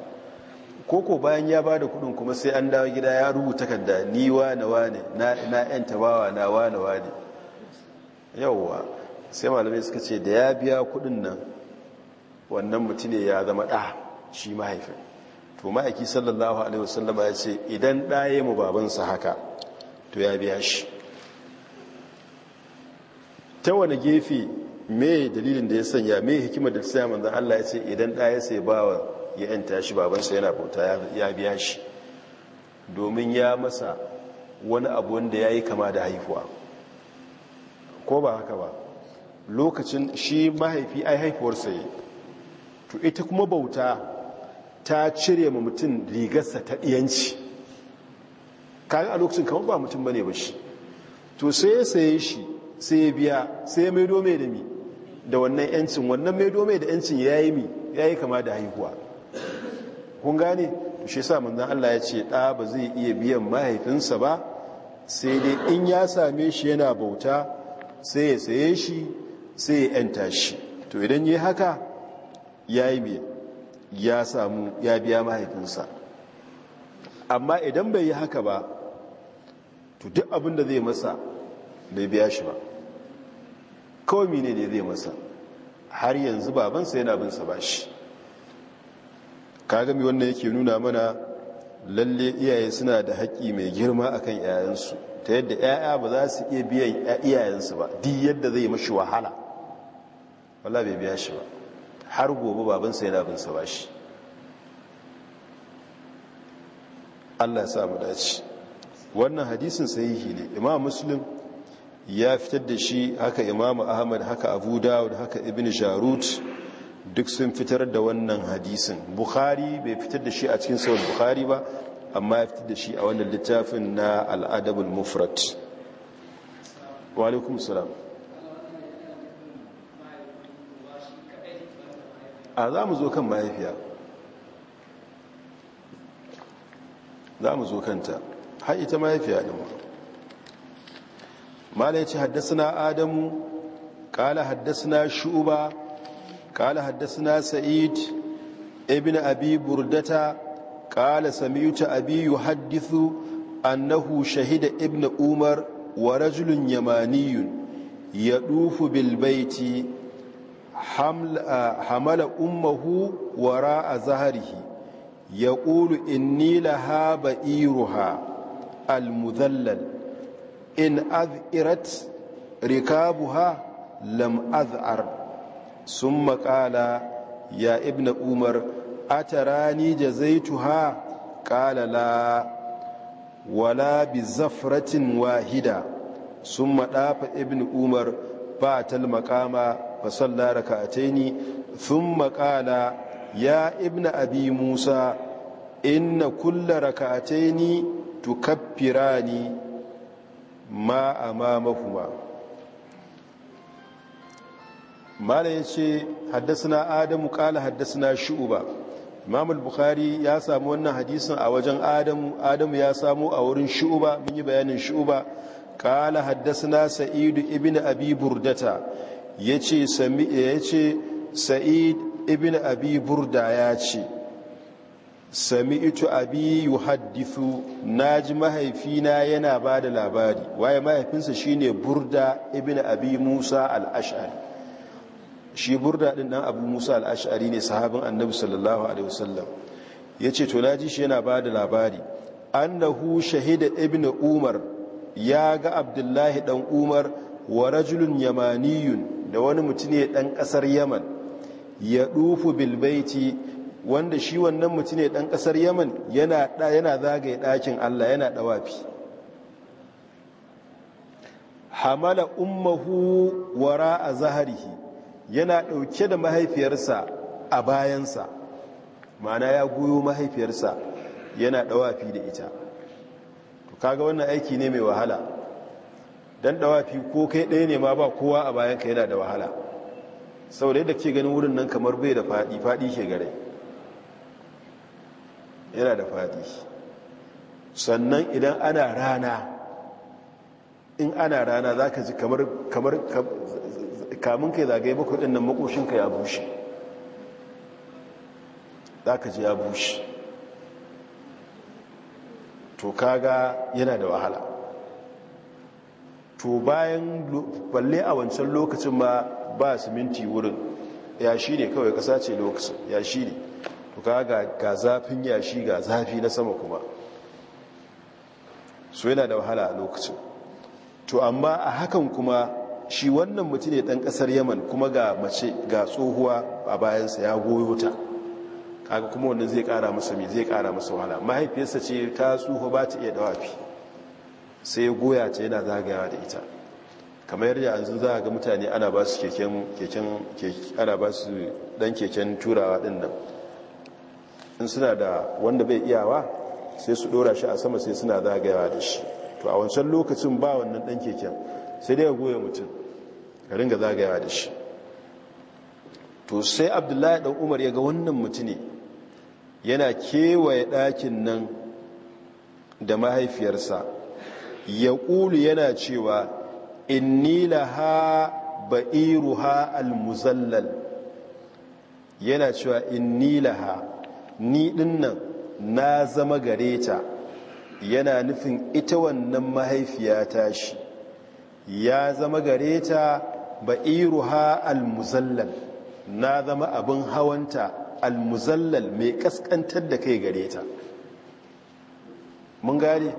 [SPEAKER 2] koko bayan ya ba da kuɗin kuma sai an dawo gida ya rubuta da ni wane ne na yanta bawa na wane ne yauwa sai malamai suka ce da ya biya kuɗin nan wannan mutum ya zama ɗa shi mahaifin to ma'aiki sallallahu alaihi wasallam ya ce idan ɗaye mu babansa haka to ya biya shi ta wani gefe me dalilin da ya sanya me hikimar da ta manzan Allah ya ce idan ɗaya sai bawa ya yanta shi babansa yana bauta ya biya shi domin ya masa wani abu wanda ya yi kama da haihuwa? ko ba haka ba lokacin shi mahaifi ai haifuwar yi to ita kuma bauta ta cire ma mutum rigarsa ta ɗiyanci kayan a lokacin kamar ba mutum ba ne ba shi to sai ya saye shi sai ya biya sai ya maido mai da mi da wannan yancin wannan mai domai da yancin yayi mi yayi kama da haihuwa kun gane shi sa manzon Allah ya ce da ba zai iya biyan mahaifinsa ba sai dai in ya same shi yana bauta sai ya saye shi sai ya yanta shi to idan yi haka yayi mi ya samu ya biya mahaifinsa amma idan bai yi haka ba to duk abin da zai masa bai biya shi ba komi ne da zai masa har yanzu babansa yana bin sa bashi kaga mi wannan yake nuna mana lalle iyaye suna da haƙƙi mai girma akan 'ya'yansu ta yadda 'ya'ya ba za su iya biyan iyayensu ba di yadda zai mashi wahala wala bai biya shi ba har gobe babansa yana bin sa bashi Allah ya sa mu dace wannan hadisin sahihi ne imam muslim ya fitar da shi haka imamu ahmad haka abu dawud haka ibn jarut duk sun fitar da wannan hadisin bukhari bai fitar da shi a cikin sauran bukhari ba amma ya fitar da shi a wannan littafin na al'adabul mufrat wa alaikum salam a za mu zo kan mahaifiya za mu zo kanta har ita mahaifiya ɗin mala ya ce adamu kala haddasa shuba kala haddasa sa'id ibn Abiburdata, burdata kala samiyuta abi yuhaddithu annahu shahida ibn umar wa rajulun yamaniyun ya dufu bilbaiti hamala ummahu wara a zaharihi ya ƙulu inni laha al-muzallal in az'irat rikabuha lam az'ar sun makala ya ibn umar atarani jazaituha qala la wala bi zafratin wahida sun maɗafa ibn umar ba talmakama ba sallara ka ataini sun makala ya ibn abi musa inna kulla raka'ataini tukaffirani ma a mamakuma mala ya ce haddasa adamu kala haddasa shu'uba imamul bukhari ya samu wannan hadisin a wajen adamu adamu ya samu a wurin shu'uba mun yi bayanin shu'uba kala haddasa sa'idu ibn abi burdata ya ce sa'id ibn abi burda ya ce sami'tu abi na naji mahaifina yana bada labari waye mahaifinsa shine burda ibn abi musa al-ash'ari shi burda din dan abu musa al-ash'ari ne sahabin annabi sallallahu alaihi wasallam yace to naji shi yana bada labari annahu shahida ibn umar ya ga abdullahi dan umar wa rajulun yamaniyun da wani ne dan kasar yaman ya dufu bilbaiti wanda shi wannan mutum ne ɗan ƙasar yaman yana yana zagaye ɗakin Allah yana dawafi hamala ummuhu wara zaharihi yana ɗauke da mahaifiyarsa a bayansa mana ya goyo mahaifiyarsa yana dawafi da ita to kaga wannan aiki ne mai wahala dan ɗawafi ko kai ɗaya ne ma ba kowa a bayanka yana da wahala da yadda ke ganin wurin nan kamar bai da faɗi faɗi ke gare yana da faɗi sannan idan ana rana in ana rana za ka ji kamar kamun kai zagaye bakwai ɗin nan makoshinka ya bushe za ka ji ya bushe to kaga yana da wahala to bayan balle a wancan lokacin ma ba siminti wurin ya shi ne kawai ƙasa ce lokacin ya shi ne to ga zafin yashi ga zafi na sama kuma su yana da wahala a lokacin to amma a hakan kuma shi wannan mutum ne dan kasar yaman kuma ga mace ga tsohuwa a bayansa ya goyo ta kaga kuma wannan zai kara masa mai zai kara masa wahala mahaifiyarsa ce ta tsoho ba ta iya dawafi sai ya goya ta yana zagayawa da ita kamar yadda yanzu za ga mutane ana ba su keken dan keken turawa din nan in suna da wanda bai iyawa sai su dora shi a sama sai suna zagayawa da shi to a wancan lokacin ba wannan dan keken sai dai ya goye mutum ka ringa zagayawa da shi to sai abdullahi dan umar ya ga wannan mutum ne yana kewaye ɗakin nan da mahaifiyarsa ya ƙulu yana cewa inni laha ba'iruha almuzallal yana cewa inni laha ni dinnan na zama gare ta yana nufin ita wannan mahaifiya ta shi ya zama gare ta ha almuzallal na zama abin hawanta almuzallal mai kaskantar da kai gare ta mun gane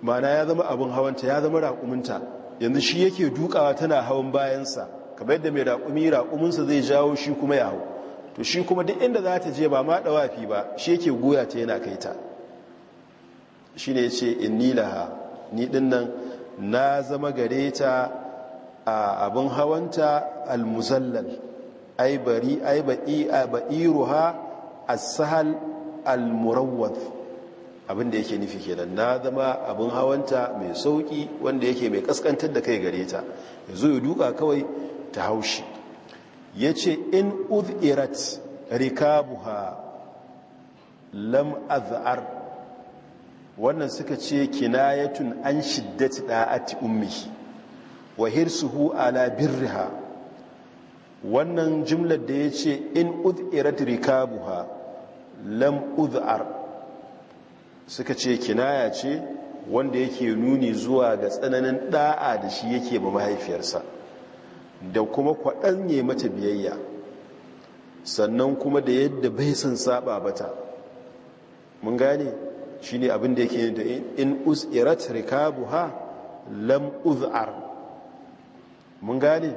[SPEAKER 2] mana ya zama abin hawanta ya zama raƙuminta yanzu shi yake dukawa tana hawan bayansa kamar yadda mai raƙumi raƙuminsa zai jawo shi kuma ya hau to shi kuma duk inda za ta je ba ma dawafi ba shi yake goya ta yana kai ta shi ne ce inni laha ni dinnan na zama gare ta a abin hawanta al almuzallal ai bari ai ba'i a ba'iruha as-sahal al-murawwad abin da yake nufi kenan na zama abin hawanta mai sauki wanda yake mai kaskantar da kai gare ta yanzu ya duka kawai ta haushi ya ce in uz'irat rikabuha lam az'ar wannan suka ce kinayatun an shiddati da'ati ummi wa hirsuhu ala birriha wannan jimlar da ya ce in uz'irat rikabuha lam uz'ar suka ce kinaya ce wanda yake nuni zuwa ga tsananin da'a da shi yake ba mahaifiyarsa da kuma kwaɗanye mata biyayya sannan kuma da yadda bai san saba bata mun gane shi ne abinda yake yin da in uz'irat rikabuha lam uz'ar mun gane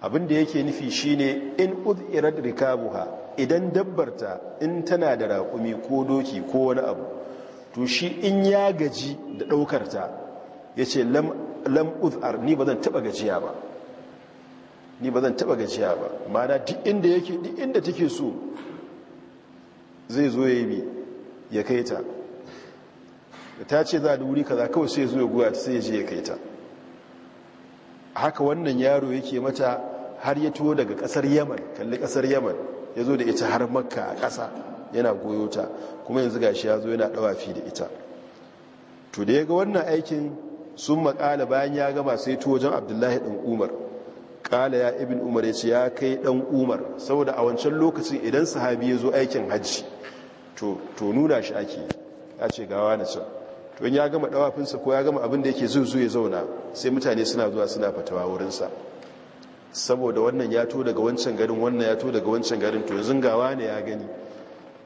[SPEAKER 2] abinda yake nufi shi ne in uz'irat rikabuha idan dabbarta in tana da raƙumi ko doki ko wani abu to shi in ya gaji da ɗaukarta ya ce lam uz'ar ni ba zan taɓa gajiya ba ni ba zan taba gajiya ba mana duk inda yake duk inda take so zai zo ya yi ya kai ta ta ce za da wuri kaza kawai sai zo ya guwa ta sai ya je ya kai ta haka wannan yaro yake mata har ya tuwo daga kasar yaman kalli kasar yaman ya zo da ita har makka a kasa yana goyo ta kuma yanzu gashi ya zo yana ɗawafi da ita to da ya ga wannan aikin sun makala bayan ya gama sai tuwo wajen abdullahi ɗan umar kala ya ibn umar ya ce ya kai dan umar saboda a wancan lokacin idan sahabi ya zo aikin hajji to nuna shi ake ya ce gawa na can to in ya gama dawafinsa ko ya gama abin da yake zuzu ya zauna sai mutane suna zuwa suna fatawa wurinsa saboda wannan ya to daga wancan garin wannan ya to daga wancan garin to yanzu gawa ne ya gani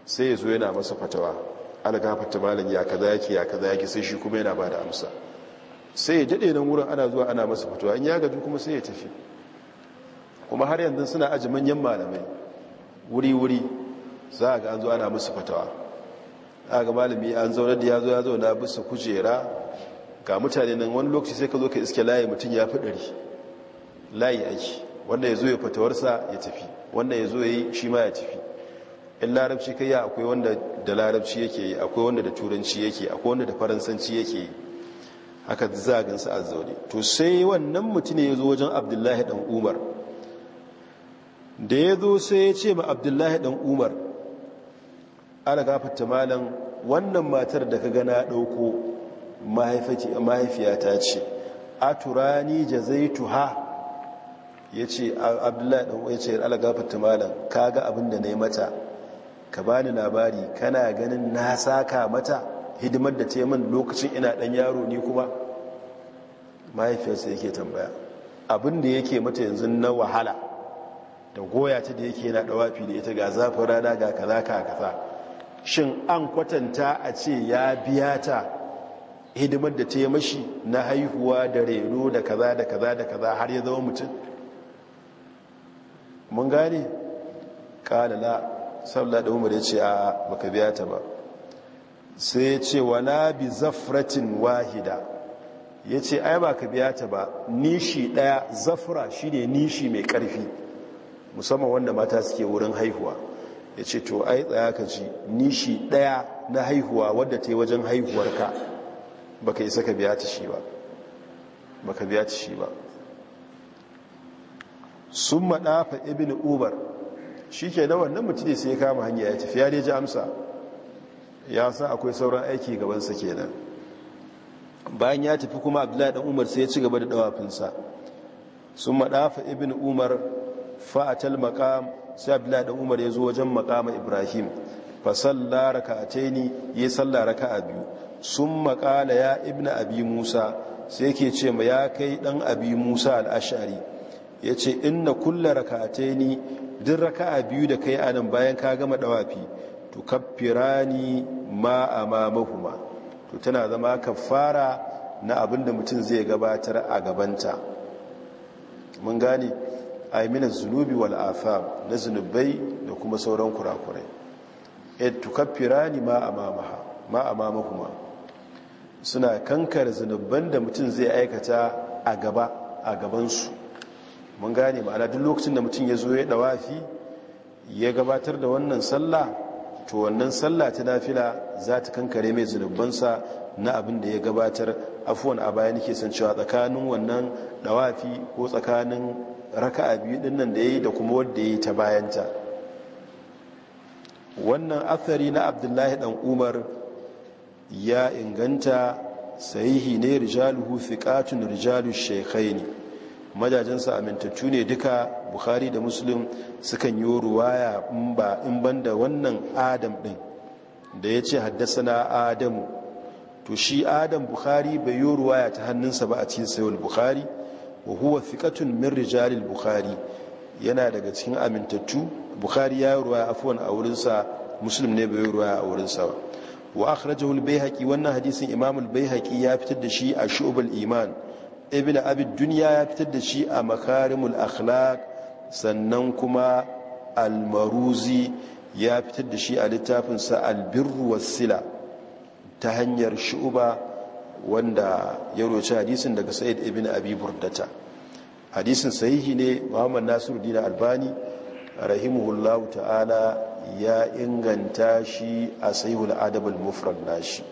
[SPEAKER 2] sai ya zo yana masa fatawa fata malam ya kaza yake ya kaza yake sai shi kuma yana ba da amsa sai ya dade nan wurin ana zuwa ana masa fatawa in ya gaji kuma sai ya tafi kuma har yanzu suna aji manyan malamai wuri-wuri za a ga an zo ana musu fatawa a ga malami an zaune da ya zo ya zauna bisa kujera ga mutane nan wani lokaci sai ka zo ka iske layi mutum ya fi ɗari layi aiki wanda ya zo ya fatawarsa ya tafi wanda ya zo ya yi shi ma ya tafi in larabci kai ya akwai wanda da larabci yake yi akwai wanda da turanci yake akwai wanda da faransanci yake yi haka zagansa a zaune to sai wannan mutum ya zo wajen abdullahi dan umar da ya zo sai ya ce ma abdullahi dan umar ana gafata malam wannan matar da ka gana ɗauko mahaifiyata ce a turani jazaituha ya ce abdullahi ɗan umar ya ce ala gafata malam ka ga abin da na yi mata ka bani labari kana ganin na saka mata hidimar da ce min lokacin ina ɗan yaro ni kuma mahaifiyarsa yake tambaya abin da yake mata yanzu na wahala da goya ta da yake yana dawafi da ita ga zafin rana ga kaza ka kaza shin an kwatanta a ce ya biya ta hidimar da ta yi mashi na haihuwa da reno da kaza da kaza da kaza har ya zama mutum mun gane kalala sabla da umar ya ce a baka biya ta ba sai ya ce na bi zafratin wahida ya ce ai baka biya ta ba nishi daya zafra shi ne nishi mai karfi musamman wanda mata suke wurin haihuwa ya ce to ai tsaya ka ci nishi ɗaya na haihuwa wadda ta yi wajen haihuwarka ba ka isa ka biya ta shi ba ba ka biya ta shi ba sun maɗafa ibn ubar shi ke na wannan mutum ne sai ya kama hanya ya tafiya ne ji amsa ya sa akwai sauran aiki gabansa kenan bayan ya tafi kuma abdullahi ɗan umar sai ya ci gaba da dawafinsa sun maɗafa ibn umar fa'atal maqam sai abdullahi dan umar ya zo wajen maqama ibrahim fa salla raka'ataini ya salla raka biyu sun maƙala ya ibnu abi musa sai yake ce ma ya kai dan abi musa al-ash'ari yace inna kullu rakataini din raka'a biyu da kai anan bayan ka gama ɗawafi, to kaffirani ma amamahuma to tana zama kaffara na abinda mutum zai gabatar a gabanta mun gane ay min az-zunubi wal na zunubai da kuma sauran kurakurai et tukaffirani ma amamaha ma suna kankar zunubban da mutum zai aikata a gaba a gabansu mun gane ma'ana duk lokacin da mutum ya zo ya dawafi ya gabatar da wannan sallah to wannan sallah ta nafila za ta kankare mai zunubansa na abin da ya gabatar afuwan a bayan ke san cewa tsakanin wannan dawafi ko tsakanin raka'a biyu dinnan da ya yi da kuma wadda ya yi ta bayanta wannan athari na Abdullahi dan Umar ya inganta sahihi ne rijaluhu katun rijalu shaykhaini majajensa amintattu ne duka bukhari da muslim sukan yi ruwaya in banda wannan adam din da ya ce haddasa na adamu to shi adam bukhari bai yi ruwaya ta hannunsa ba a cikin sayul bukhari wa huwa thiqatun min rijalil bukhari yana daga cikin amintattu bukhari ya ruwa afwan a wurin sa muslim ne bai ruwa a wurin sa wa akhrajahu al-baihaqi wannan hadisin imamul al-baihaqi ya fitar da shi a shu'bul iman ibn abi duniya ya fitar da shi a makarimul akhlaq sannan kuma almaruzi ya fitar da shi a littafin sa al sila ta hanyar shu'uba. wanda ya roci hadisin daga sa'id ibn abi burdata hadisin sahihi ne muhammad nasiruddin albani rahimahullahu ta'ala ya inganta shi a sahihul adabul mufrad nashi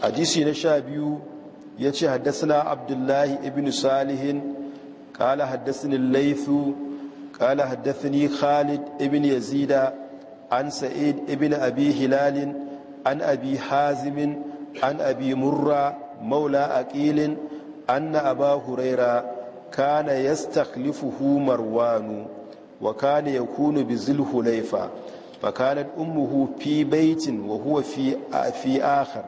[SPEAKER 2] hadisi na sha biyu ya ce abdullahi ibn salihin قال حدثني الليث قال حدثني خالد ابن يزيد عن سعيد ابن هلال an abi hazimin an abi murra maula aqilin anna aba huraira kana yastakhlifuhu marwanu wa kana yakunu bi zulhulaifa fa kanat ummuhu fi baitin wa huwa fi fi akhar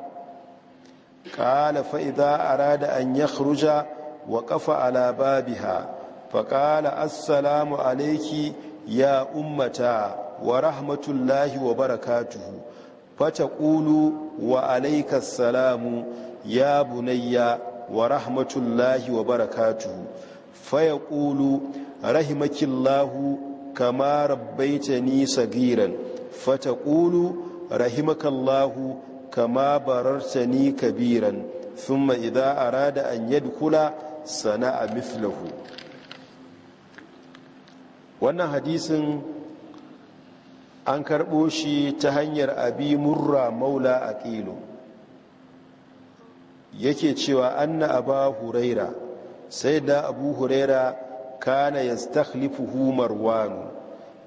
[SPEAKER 2] qala fa idha arada an yakhruja wa qafa ala babiha fa qala assalamu alayki ya ummata wa rahmatullahi wa barakatuhu fataƙulu wa alaikar salamu ya bunayya wa rahmatullahi wa barakatu. faya ƙulu rahimakillahu kama rabbaita ni sagiran fataƙulu rahimakallahu kama bararta ni kabiran sun ma'iza a rada an yadda kula sana'a mislahu wannan hadisin. an karɓo shi ta hanyar abi murra maula a ƙilo yake cewa "An anna aba huraira sai da abu huraira kana ya stakhlifuhu marwan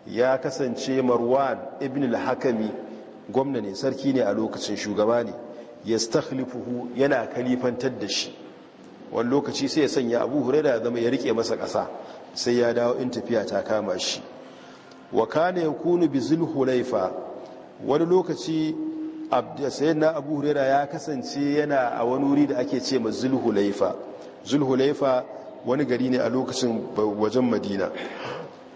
[SPEAKER 2] ya kasance marwan ibn al-hakami gwamna ne sarki ne a lokacin shugaba ne ya stakhlifuhu yana kalifantar da shi wani lokaci sai ya sanya abu huraira ya zama ya rike masa ƙasa sai ya dawo in tafiya ta kama shi wa kana yakunu bi zulhulaifa wani lokaci sayyidina abu huraira ya kasance yana a wani wuri da ake ce ma zulhulaifa zulhulaifa wani gari ne a lokacin wajen madina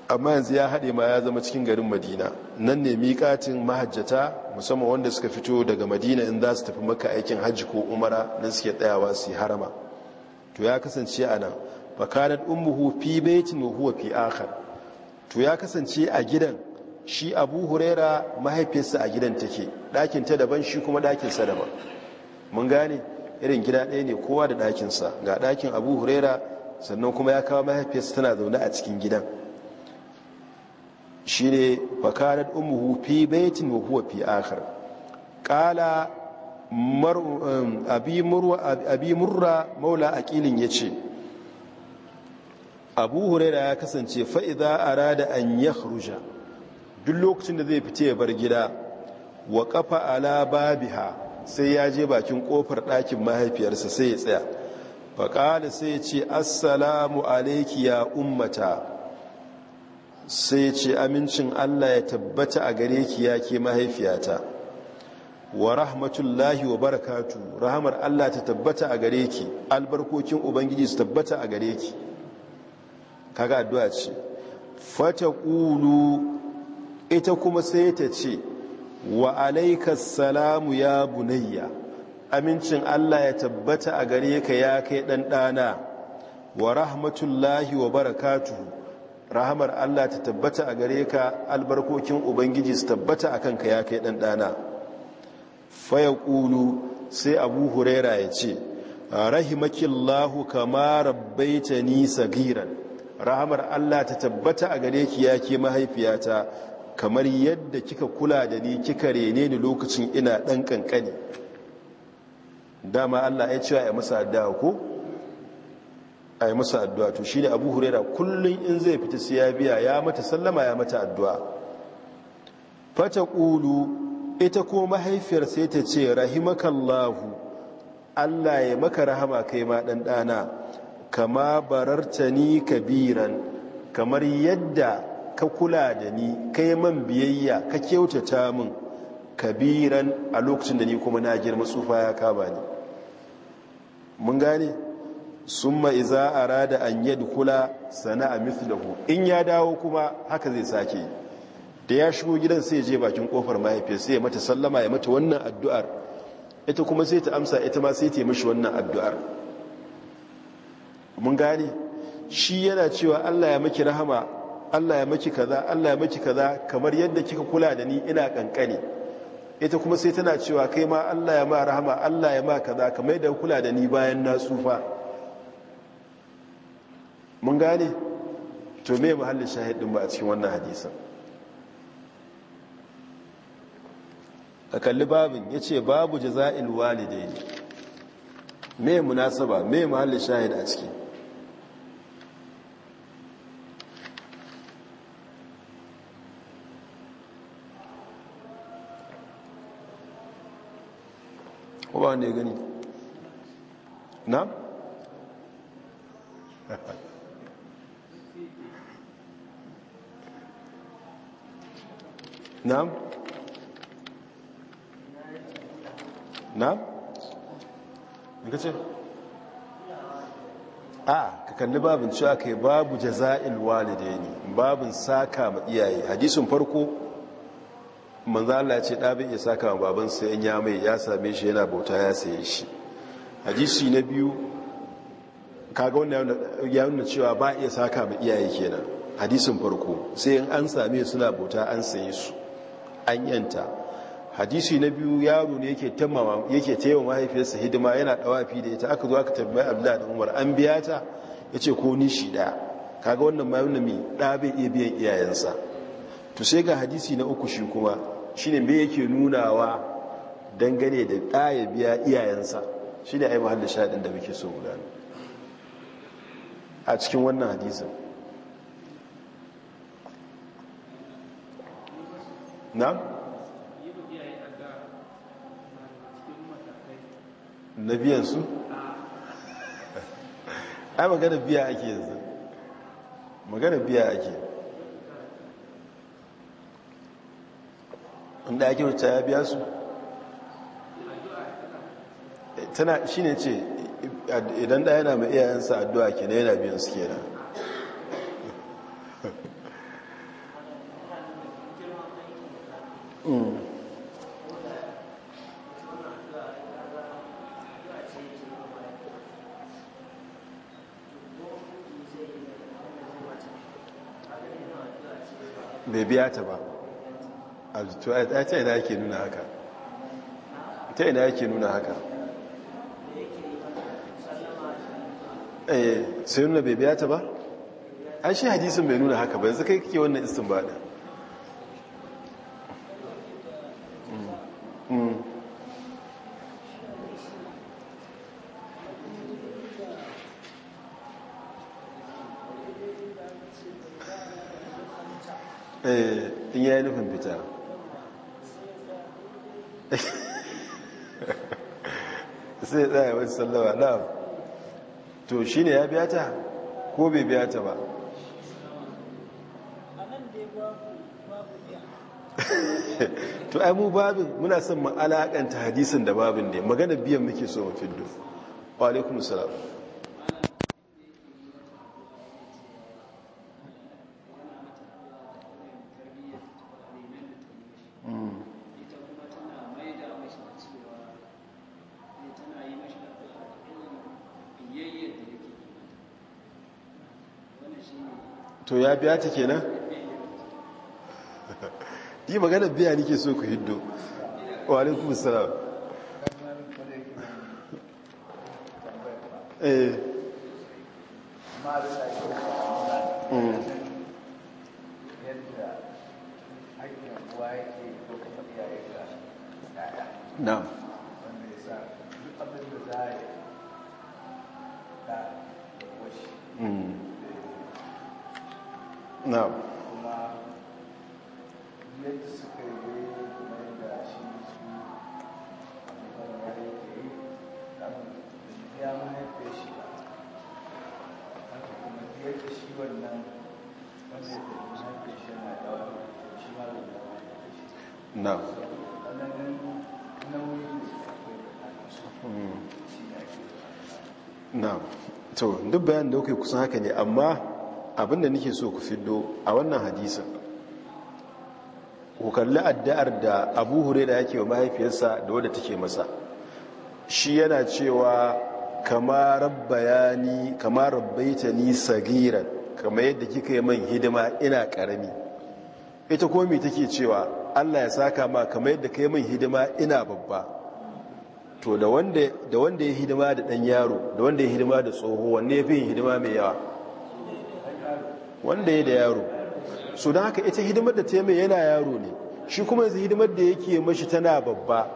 [SPEAKER 2] amma yanzu ya haɗe ma ya zama cikin garin madina nan ne miƙatin mahajjata musamman wanda suka fito daga madina in za su tafi maka aikin hajji ko umara nan suke tsayawa su harama to ya kasance a nan Umuhu ummuhu fi baitin wa huwa fi akhar to ya kasance a gidan shi abu huraira mahaifiyarsa a gidan take ɗakinta daban shi kuma ɗakinsa daban mun gane irin gida ɗaya ne kowa da ɗakinsa ga ɗakin abu huraira sannan kuma ya kawo mahaifiyarsa tana zaune a cikin gidan shi ne fakarar umuhu fi baitin huwa fi akhar qala um, abi murra maula aqilin yace abu huraira ya kasance fa'iza a rada an ya haruja duk lokacin da zai fice ya bar gida wa kafa ala babiha sai ya je bakin kofar ɗakin mahaifiyarsa sai ya tsaya faƙali sai ce assalamu alaiki ya ummata sai ce amincin allah ya tabbata a gare ki ya ke mahaifiyata wa rahmatullahi wa barakatu rahamar allah ta tabbata a gare ki albarkokin ubangiji su tabbata a gare ki kaga addu'a ce Fata Kulu, ita kuma sai ta ce wa alayka salamu ya bunayya amincin Allah ya tabbata a gare ka ya kai dan dana wa rahmatullahi wa barakatuhu rahamar Allah ta tabbata a gare ka albarkokin ubangiji su tabbata akan ka ya kai dan dana faya Kulu, sai abu huraira ya ce rahimakillahu kama rabbaitani sagiran rahamar Allah ta tabbata a gare ki ya ke mahaifiyata kamar yadda kika kula da ni kika rene ni lokacin ina ɗan ƙanƙani dama Allah ya cewa ya masa addu'a ko a masa addu'a to shi ne abu huraira kullum in zai fita sai ya biya ya mata sallama ya mata addu'a fata ƙulu ita ko mahaifiyar sai ta ce rahimakallahu allah ya maka rahama kai ma ɗanɗana kama bararta ni kabiran kamar yadda ka kula da ni kai man biyayya ka kyautata min kabiran a lokacin da ni kuma na girma tsufa ya kaba ni mun gane summa iza arada an kula sana'a mithluhu in ya dawo kuma haka zai sake da ya shigo gidan sai je bakin kofar mahaifiyar sai ya mata sallama ya mata wannan addu'ar ita kuma sai ta amsa ita ma sai ta yi mishi wannan addu'ar mun gane shi yana cewa Allah ya maki rahama Allah ya maki kaza Allah ya maki kaza kamar yadda kika kula da ni ina kankane ita kuma sai tana cewa kai ma Allah ya ma rahama Allah ya ma kaza kamar yadda kula da ni bayan na tsufa mun gane to me mahallin shahidin ba a cikin wannan hadisan. a kalli babin ya ce babu jaza'il walidai ne me munasaba me muhallin shahid a ciki ko ba wanda ya gani na? na? na? ka ce? a ka kalli babin cewa yi babu jaza'il ne babin saka ma iyaye hadisun farko manzo Allah ce ɗabin isa kama baban sai in ya mai ya same shi yana bauta ya saye shi hadisi na biyu kaga wannan ya nuna cewa ba iya saka ma iyaye kenan hadisin farko sai in an same suna bauta an saye su an yanta hadisi na biyu yaro ne yake tammama yake tayawa mahaifiyarsa hidima yana dawafi da ita aka zo aka tambaye Abdullahi da Umar an biya ta yace ko ni shi da kaga wannan ma yana mi da bai iya biyan iyayensa to sai ga hadisi na uku shi kuma shine me yake nunawa dangane da ɗaya biya iyayensa shine ai mahallin shahidin da muke so gudana a cikin wannan hadisin na? na biyansu? ai magana biya ake yanzu magana biya ake inda ake wuce ya biya su shi ne ce idan da yana mai iyayensa addu'a ke na yana biyan su ke nan hmm. bai biya ta ba ta ina yake nuna haka ta yake nuna haka eh, bai biya ta ba an shi hadisin bai nuna haka ba yanzu kai kake wannan ba da. sai tsaya wasu sallawa na'am to shi ne ya biya ta ko bai biya ta ba to ai mu babin muna son ma'alakanta hadisin da babin ne magana biyan muke so mafi duf wa salam. ya biya ta nan? yi magana biya nike so ku hiddo wa kuma salam eh hmm. bayan da kai kusan haka ne amma abinda nake so ku fiddo a wannan hadisin ku kalli addu'ar da abu hure yake wa mahaifiyarsa da wadda take masa shi yana cewa kama rabbayani kama rabbaita ni sagiran kama yadda kika yi man hidima ina karami ita komi take cewa allah ya saka ma kama yadda ka yi man hidima ina babba to da wanda ya hidima da ɗan yaro da wanda ya hidima da tsoho wanda ya fi yin hidima mai yawa wanda ya da yaro so don haka ita hidimar da ta yana yaro ne shi kuma yanzu hidimar da yake mashi tana babba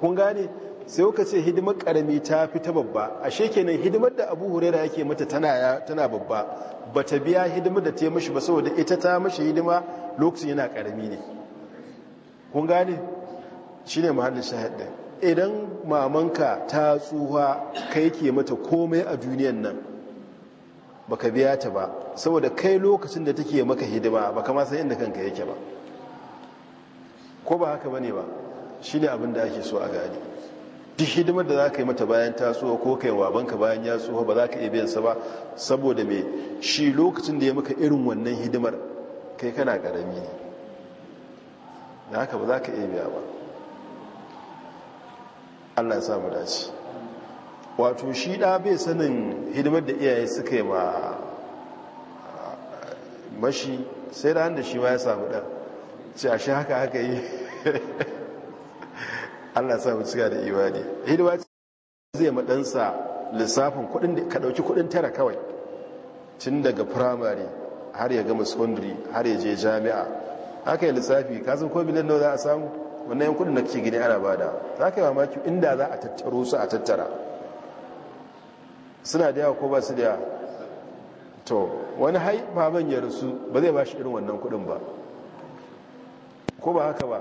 [SPEAKER 2] kun gane sai kuka ce hidimar karami ta fi ta babba ashe kenan hidimar da abu huraira yake mata tana babba ba ta biya hidimar da ta mashi ba saboda ita ta mashi hidima lokacin yana karami ne kun gane shi ne mahallin shahadar idan mamanka ta tsuwa ka yake mata komai a duniyan nan baka biya ta ba saboda kai lokacin da take maka hidima baka ma san inda kanka yake ba ko ba haka bane ba shine abin da ake so a gani duk hidimar da za ka yi mata bayan ta tsuwa ko kai wabanka bayan ya tsuwa ba za ka iya biyan sa ba saboda me shi lokacin da ya maka irin wannan hidimar kai kana karami ne da haka ba za ka iya biya ba allah ya samu dace wato shi ɗa bai sanin hidimar da iyaye suka yi ma ah, mashi sai da da shi ma ya samu ɗan ce a shi haka haka yi allah samu cika da hidimar hidima zai maɗansa lissafin kudin ka ɗauki kudin tara kawai Tun daga firamare har ya gama secondary har ya je jami'a haka yi lissafi kasan ko miliyan za a samu wannan yan kudin da kake gini ana bada za ka yi mamaki inda za a tattaro su a tattara suna da yawa ko ba su da yawa to wani haifar ban ya rasu ba zai ba shi irin wannan kudin ba ko ba haka ba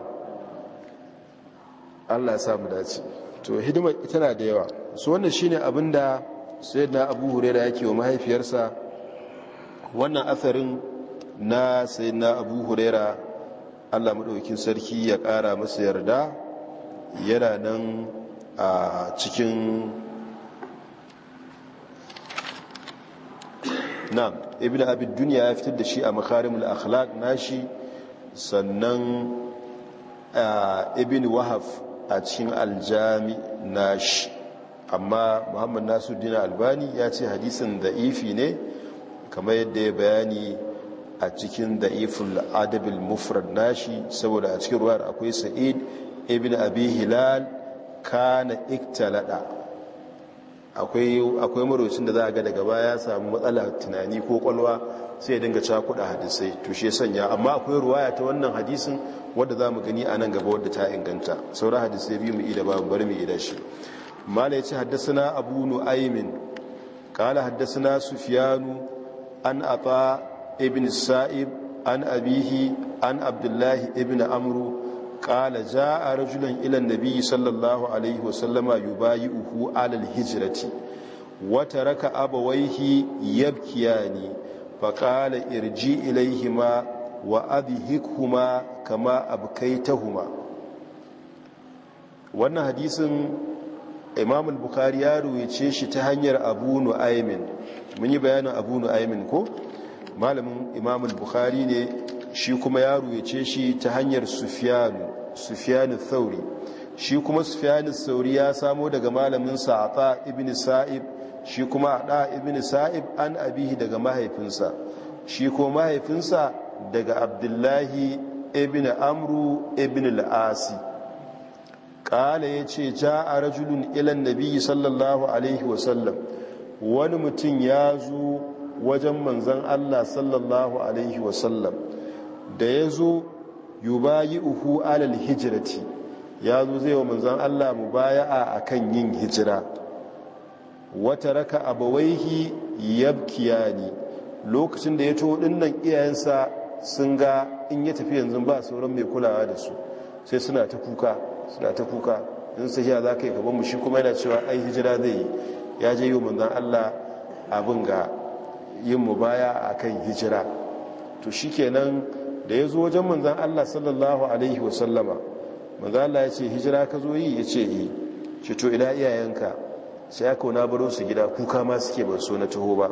[SPEAKER 2] allah samu dace to hidimar tana da yawa su wannan ne abin da na abu da yake wa mahaifiyarsa wannan atharin na na abu huraira allah maɗaukin sarki ya ƙara masa yarda yana nan a cikin na ibn abin duniya ya fitar da shi a makarimul akhlaq nashi sannan ibn wahaf a cikin aljami nashi amma muhammad dina albani ya ce hadisin da'ifi ne kamar yadda ya bayani a cikin da'iful adabil mufrad nashi saboda a cikin ruwayar akwai sa'id ibn abi hilal kana iktalada akwai akwai marocin da za a ga daga baya samu matsala tunani ko kwalwa sai ya dinga cakuda hadisai to sanya amma akwai ruwaya ta wannan hadisin wadda zamu gani a nan gaba wadda ta inganta saura hadisai biyu mu ida babu bari mu ida shi mala yace haddathana abu nu'aymin qala haddathana sufyanu an ata ibn sa'ib an abihi an abdullahi ibn amru qala jaa rajulun ila an-nabi sallallahu alaihi wasallama yubayi'uhu ala al-hijrati wa taraka abawayhi yabkiyani faqala irji ilayhima wa adhikhuma kama abkaytahuma wannan hadisin imam al-bukhari ya ruwaye shi ta hanyar abu nu'aymin mun yi bayanin abu Nu'amin ko malamin imam bukhari ne shi kuma ya ruwece shi ta hanyar sufyanu sufyanu thauri shi kuma sufyanu thauri ya samo daga malamin sa'ata ibn sa'ib shi kuma ada ibn sa'ib an abihi daga mahaifinsa shi kuma mahaifinsa daga abdullahi ibn amru ibn al-asi ya ce ja a rajulun ilan nabi sallallahu alaihi wasallam wani mutum ya zo wajen manzan Allah sallallahu alaihi wasallam da ya zo yubayi uhu alal hijirati ya zo zai wa manzan Allah mu baya a kan yin hijira wata raka abawaihi ne lokacin da ya to dinnan iyayensa sun ga in ya tafi yanzu ba sauran mai kulawa da su sai suna ta kuka suna ta kuka in sai ya za ka yi gaban mu shi kuma yana cewa ai hijira zai yi ya je yi wa manzan Allah abin ga yin mu baya a kan hijira to shi kenan da ya zo wajen manzan allah sallallahu alaihi wasallama manzan allah ya ce hijira ka zo yi ya ce yi eh. ce to ina iyayenka sai ya kauna baro su gida kuka ma suke ban so na taho ba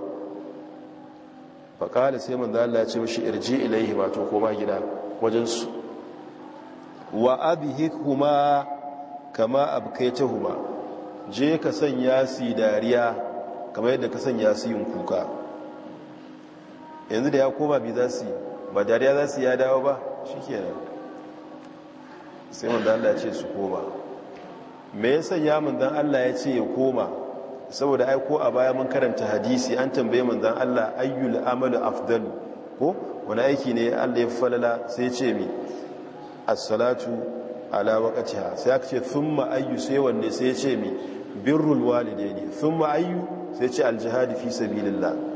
[SPEAKER 2] faƙali sai manzan allah ya ce mashi irji ilaihi ma to koma gida wajensu wa kuma kama ta huma, je ka sanya su dariya kamar yadda ka sanya su yin kuka yanzu da ya koma bi za su yi ba dariya za su ya dawo ba shi nan sai manzan Allah ce su koma me ya sanya manzan Allah ya ce ya koma saboda aiko a baya mun karanta hadisi an tambaye manzan Allah ayyul amalu afdal ko wani aiki ne Allah ya falala sai ce mi as-salatu ala waqtiha sai aka ce thumma ayyu sai wanne sai ce mi birrul walidaini thumma ayyu sai ce al-jihad fi sabilillah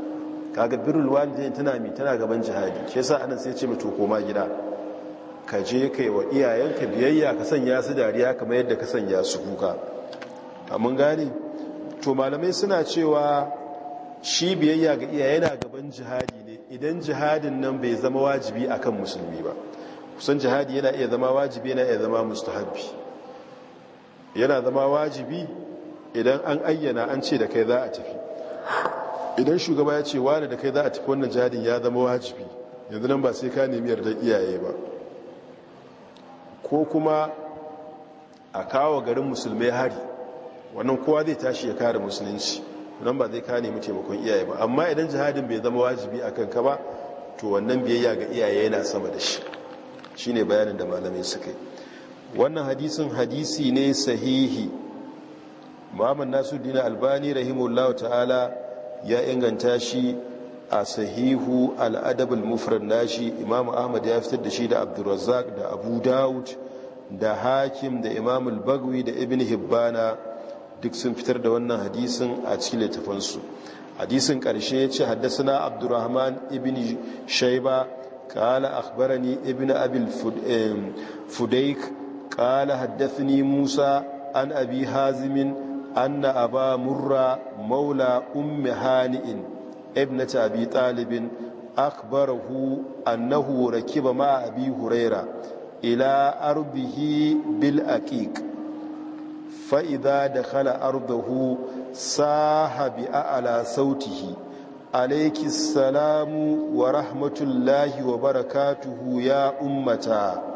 [SPEAKER 2] kaga birrul walidai tana mi tana gaban jihadi ke sa anan sai ce mutu koma gida ka je kai wa iyayenka biyayya ka sanya su dariya kamar yadda ka sanya su kuka mun gane to malamai suna cewa shi biyayya ga iyaye yana gaban jihadi ne idan jihadin nan bai zama wajibi akan musulmi ba kusan jihadi yana iya zama wajibi yana iya zama mustahabbi yana zama wajibi idan an ayyana an ce da kai za a tafi idan shugaba ya ce wane da kai za a tafi wannan jihadin ya zama wajibi yanzu nan ba sai ka nemi yardar iyaye ba ko kuma a kawo garin musulmai hari wannan kowa zai tashi ya kare musulunci nan ba zai ka nemi taimakon iyaye ba amma idan jihadin bai zama wajibi a kanka ba to wannan biyayya ga iyaye yana sama da shi shine bayanin da malamai suka yi wannan hadisin hadisi ne sahihi muhammad dina albani rahimu allahu ta'ala ya inganta shi a sahihu al'adabul mufrad nashi imamu ahmad ya fitar da shi da abdurrazzaq da abu da'ud da hakim da imamul bagwi da ibn hibbana duk sun fitar da wannan hadisin a cikin littafansu hadisin ƙarshe ya ce haddasa abdurrahman ibn shaiba kala akhbarani ibn abil eh, fudaik kala haddafini musa an abi hazimin anna aba murra maula ummi hani'in ibnati abi talibin annahu rakiba ma abi huraira ila arbihi bil aqiq Fa'ida da dakhala ardahu sahabi ala sautihi alayki wa rahmatullahi wa barakatuhu ya ummata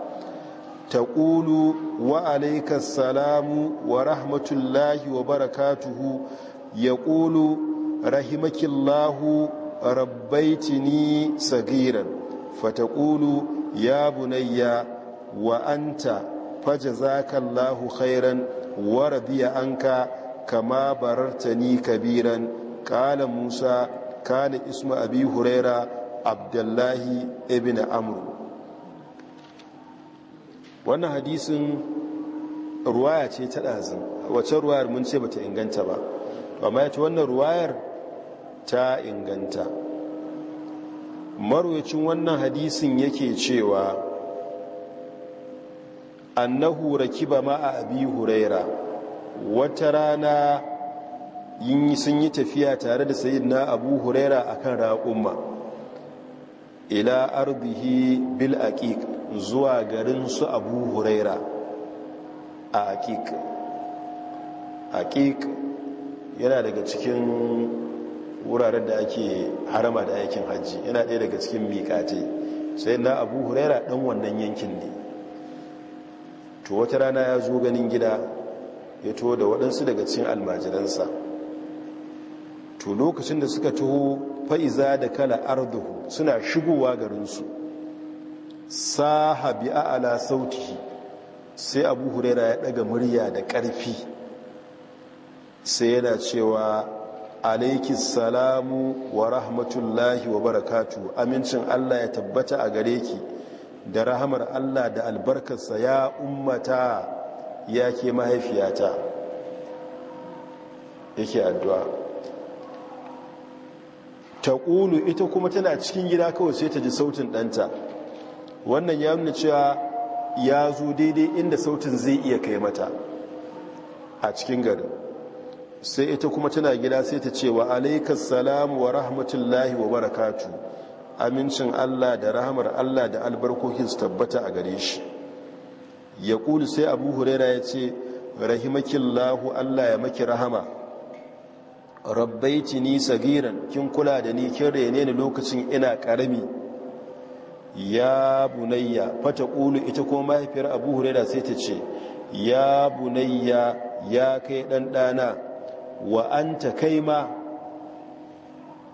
[SPEAKER 2] تقول وعليك السلام ورحمة الله وبركاته يقول رحمك الله ربيتني صغيرا فتقول يا بني وأنت فجزاك الله خيرا ورضي عنك كما بررتني كبيرا قال موسى كان اسم أبي هريرة عبد الله ابن عمرو wannan hadisin ruwaya ce ta ɗazin wacce ruwayar mun ce bata inganta ba amma ya ce wannan ruwayar ta inganta marwacin wannan hadisin yake cewa annahu rakiba a abi huraira wata rana sun yi tafiya tare da sayidina abu huraira akan raƙumma ila arzihi bil aƙiƙa zuwa garin su abu huraira a hakika, yana daga cikin wuraren da ake harama da aikin hajji yana ɗaya daga cikin mikace sai na abu huraira ɗan wannan yankin ne to wata rana ya zo ganin gida ya to da waɗansu daga cikin almajiransa to lokacin da suka taho fa'iza da kala arduhu suna shigowa garinsu Saha sahabi ala sauti sai abu huraira ya daga murya da karfi. sai yana cewa alaiki salamu wa rahmatullahi wa barakatu amincin allah ya tabbata a gare ki da rahamar allah da albarkarsa ya ummata ya ke mahaifiyata yake addu'a ta ƙulu ita kuma tana cikin gida kawai sai ta ji sautin ɗanta wannan ya nuna cewa ya zo daidai inda sautin zai iya kai mata a cikin gari. sai ita kuma tana gida sai ta ce wa alaikas salam wa rahmatullahi wa barakatu amincin Allah da rahamar Allah da albarkokin su tabbata a gare shi ya kuli sai abu huraira ya ce 'Rahimakin Lahu, Allah ya maki rahama rabbaiti ni sagiran kin kula da ni kin rene ni lokacin ina karami ya bunayya fata ƙulu ita ko mahaifiyar abu huraira sai ta ce ya bunayya ya kai ɗanɗana wa an ta kai ma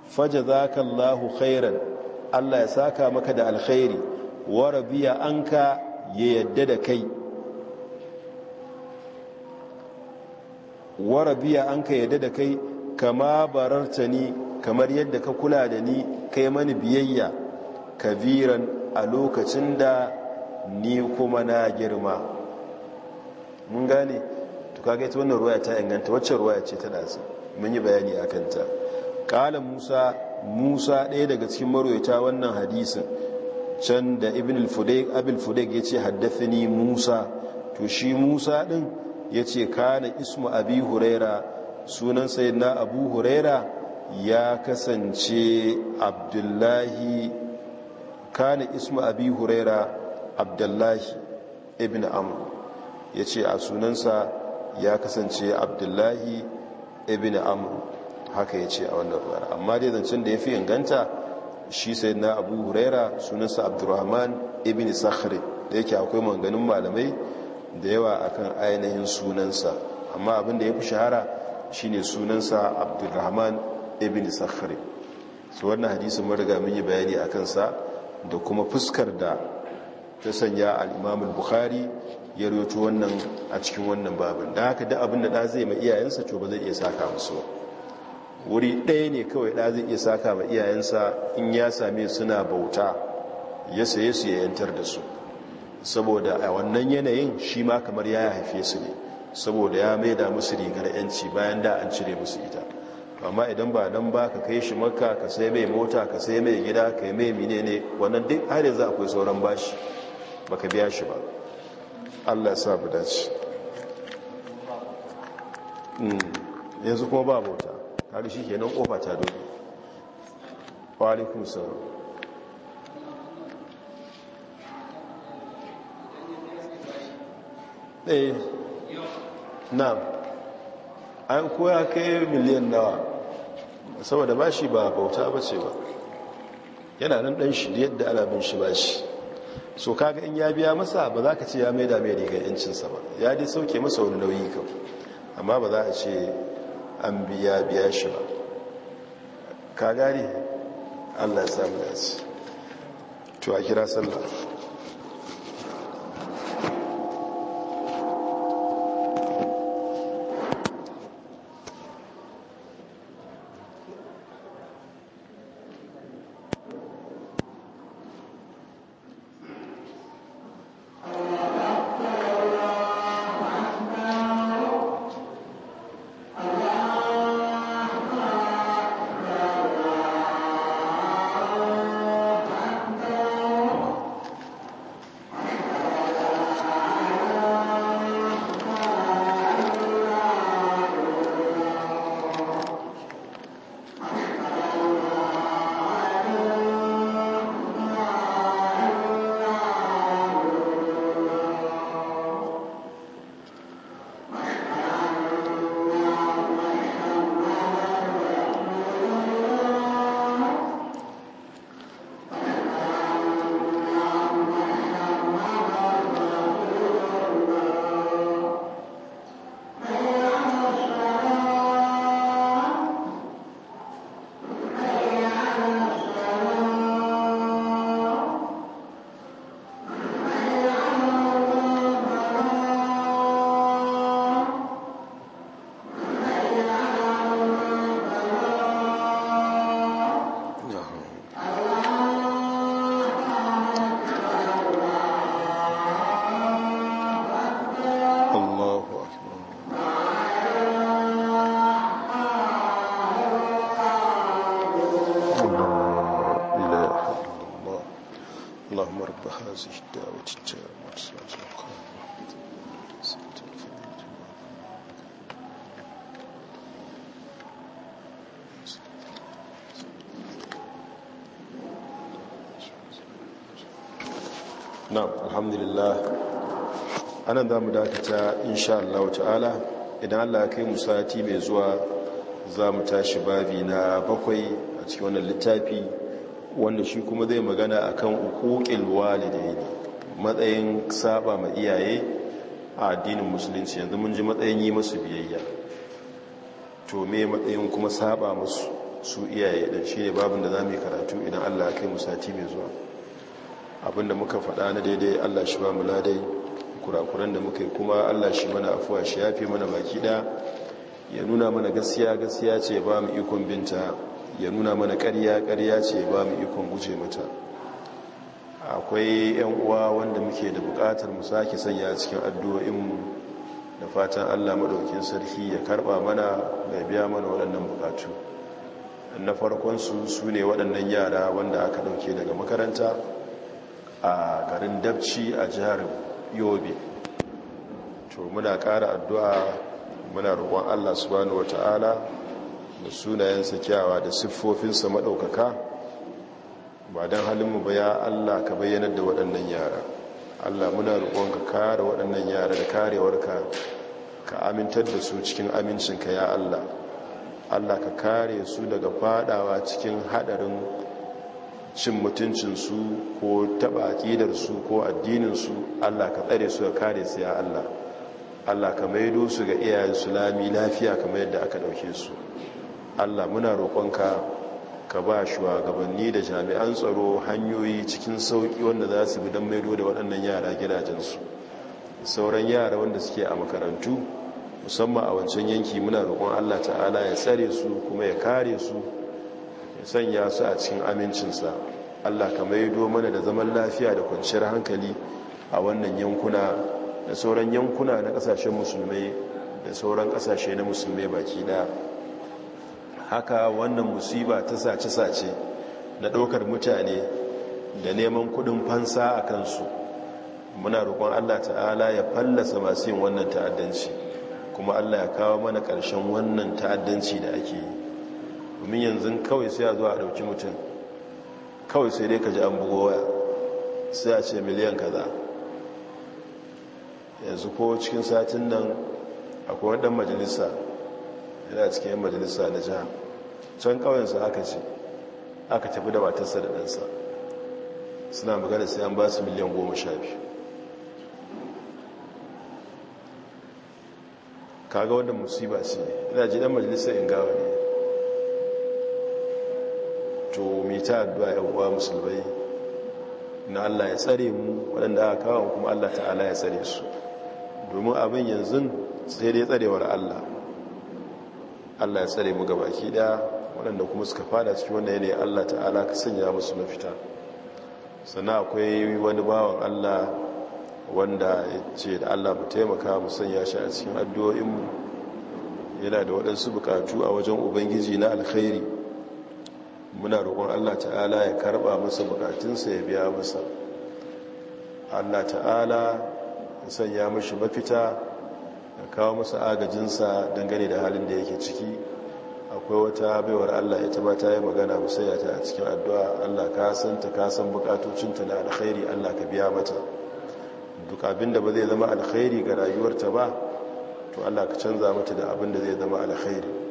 [SPEAKER 2] faja za ka allahu khairan allah ya saka maka da alkhairi wa rabiya an ka ya yadda da kai wa rabiya an ka yadda da kai kama bararta ni kamar yadda ka kula da ni kai mani biyayya kabiran a lokacin da ni kuma na girma mun gane tuka ita wannan ruwa ta inganta wacce ruwa ce ta ɗazu mun yi bayani a kanta ƙala musa musa ɗaya daga cikin marwaita wannan hadisin can da ibn al-fudayk ya ce ni musa to shi musa ɗin ya ce kana ismu abi huraira sunan na abu huraira ya kasance abdullahi kane ismu abi huraira abdullahi ibn amr ya ce a sunansa ya kasance abdullahi ibn amr haka ya a wannan ruwar amma dai zancen da ya fi inganta shi sai na abu huraira sunansa abdurrahman ibn sakhari da yake akwai manganin malamai da yawa akan ainihin sunansa amma abin da ya fi shahara shine sunansa abdurrahman ibn sakhari su wannan hadisin riga mun yi bayani a kansa da kuma fuskar da ta sanya al'imamun bukhari ya roto wannan a cikin wannan babin da haka da abin da ɗa zai ma iyayensa to ba zai iya saka musu wuri ɗaya ne kawai ɗa zai iya saka ma iyayensa in ya same suna bauta ya saye su ya yantar da su saboda a wannan yanayin shi ma kamar ya haife su ne saboda ya maida musu rigar yanci bayan da an cire musu ita amma idan ba nan ba ka kai shi maka ka sai mai mota ka sai mai gida ka mai ne wannan duk har yanzu akwai sauran bashi baka biya shi ba Allah ya sa bu dace hmm, yanzu kuma ba mota har shi kenan kofa ta dole wa alaikum salam eh na'am an koya kai miliyan nawa saboda bashi ba bauta ba ce ba yana nan ɗan shi da yadda ana bin shi bashi so kaga in ya biya masa ba za ka ce ya maida mai riga yancinsa ba ya dai sauke masa wani nauyi kan amma ba za a ce an biya biya shi ba ka gari allah ya samu to a kira sallah anan za mu dakata insha Allah ta'ala idan Allah ya kai mu sati mai zuwa za mu tashi babi na bakwai a cikin wannan littafi wanda shi kuma zai magana akan uquqil walidain matsayin saba ma iyaye a addinin musulunci yanzu mun ji matsayin yi masu biyayya to me matsayin kuma saba musu su iyaye dan shine babin da zamu yi karatu idan Allah kai mu sati mai zuwa abinda muka faɗa na daidai Allah shi ba mu ladai kurakuran da muka yi kuma allah shi mana afuwa shi ya fi mana baki ɗaya ya nuna mana gaskiya gasiya ce ba mu ikon binta ya nuna mana karya karya ce ba mu ikon guje mata akwai 'yan uwa wanda muke da bukatar mu sake sanya cikin addu'o'inmu da fatan allah maɗaukin sarki ya karɓa mana da biya mana waɗannan bukatu na farkonsu su ne waɗannan yara wanda aka ɗauke daga makaranta a garin dabci a jihar yobe to muna kara addu'a muna roƙon allah subhanahu wa ta'ala da sunayensa kyawa da siffofinsa maɗaukaka ba dan halin mu ba ya allah ka bayyana da waɗannan yara allah muna roƙon ka kare waɗannan yara da karewarka ka amintar da su cikin amincinka ya allah allah ka kare su daga fadawa cikin haɗarin cin mutuncinsu ko taɓa su ko addininsu allah ka tsare su ya kare su ya allah allah ka maido su ga iyayensu lami lafiya kamar yadda aka ɗauke su allah muna roƙonka ka ba shugabanni da jami'an tsaro hanyoyi cikin sauƙi wanda za su bi don maido da waɗannan yara gidajensu sauran yara wanda suke a makarantu musamman a wancan yanki muna roƙon allah ta'ala ya tsare su kuma ya kare su sanya su a cikin amincinsa allah ka yi mana da zaman lafiya da kwanciyar hankali a wannan yankuna da sauran yankuna na kasashen musulmai da sauran kasashe na musulmai baki da haka wannan musiba ta sace-sace na ɗaukar mutane da neman kudin fansa a kansu muna roƙon allah ta'ala ya fallasa masu yin wannan ta'addanci kuma allah ya kawo mana ƙarshen wannan ta'addanci da ake yi domin yanzu kawai sai a zuwa a ɗauki mutum kawai sai dai ka ji an bugo sai a ce miliyan kaza yanzu ko cikin satin nan akwai wani ɗan majalisa yana cikin yan majalisa na jiha can ƙauyensa aka ce aka tafi da matarsa da ɗansa suna magana sai an ba su miliyan goma sha biyu kaga wadda musiba ce ina ji ɗan majalisa in gawa ne to mai ta addu'a ya uwa musulmai na Allah ya tsare mu waɗanda aka kawo kuma Allah ta'ala ya tsare su domin abin yanzu sai dai tsarewar Allah Allah ya tsare mu gabaki ɗaya waɗanda kuma suka fada cikin wannan yanayi Allah ta'ala ka sanya musu mafita sannan akwai wani bawan Allah wanda ya ce da Allah mu taimaka mu sanya shi a cikin addu'o'inmu yana da waɗansu buƙatu a wajen ubangiji na alkhairi muna roƙon allah ta'ala ya karɓa masa bukatunsa ya biya masa allah ta'ala ya sanya mashi mafita ya kawo masa agajinsa dangane da halin da yake ciki akwai wata baiwar allah ita ma ta yi magana musayyata a cikin addu'a allah ka san ta ka san bukatocinta na alkhairi allah ka biya mata duk abin da ba zai zama alkhairi ga rayuwarta ba to allah ka canza mata da abin da zai zama alkhairi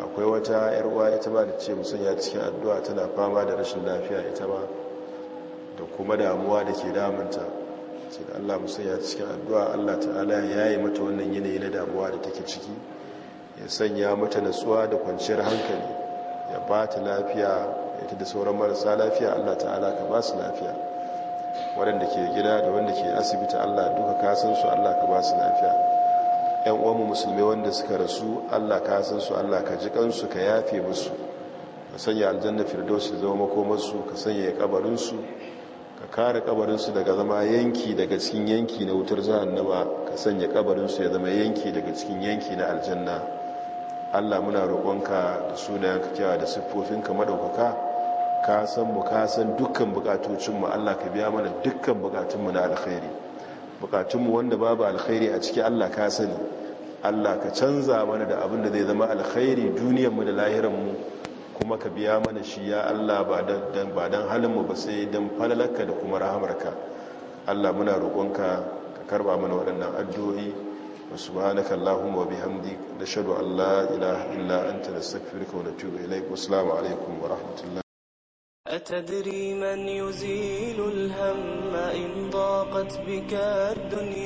[SPEAKER 2] akwai wata yarwa ita ba da ce ya cikin addu'a tana fama da rashin lafiya ita ba da kuma damuwa da ke damunta ce da allah ya cikin addu'a allah ta'ala ya yi mata wannan yanayi na damuwa da take ciki ya sanya mata natsuwa da kwanciyar hankali ya ba ta lafiya ita da sauran marasa lafiya allah ta'ala ka ba su lafiya waɗanda ke gida da wanda ke asibiti allah duka kasansu allah ka ba su lafiya yan uwanmu musulmi wanda suka rasu Allah ka san su Allah ka ji kansu ka yafe musu ka sanya aljanna firdaus da zama makomarsu ka sanya kabarin su ka kare kabarin su daga zama yanki daga cikin yanki na wutar jahannama ka sanya kabarin su ya zama yanki daga cikin yanki na aljanna Allah muna roƙonka da sunayenka kyawa da siffofinka madaukaka ka san mu ka san dukkan mu Allah ka biya mana dukkan bukatunmu na alkhairi bukatunmu wanda babu alkhairi a ciki allah ka sani allah ka canza mana da abin da zai zama alkhairi mu da lahiranmu kuma ka biya mana shi ya allah ba don mu ba sai don falalaka da kuma rahamarka allah muna roƙonka ka karba mana waɗannan addu'o'i wa subhanaka allahumma wa bihamdik nashhadu an la ilaha illa anta nastaghfiruka wa natubu wa wassalamu alaikum wa rahmatullahi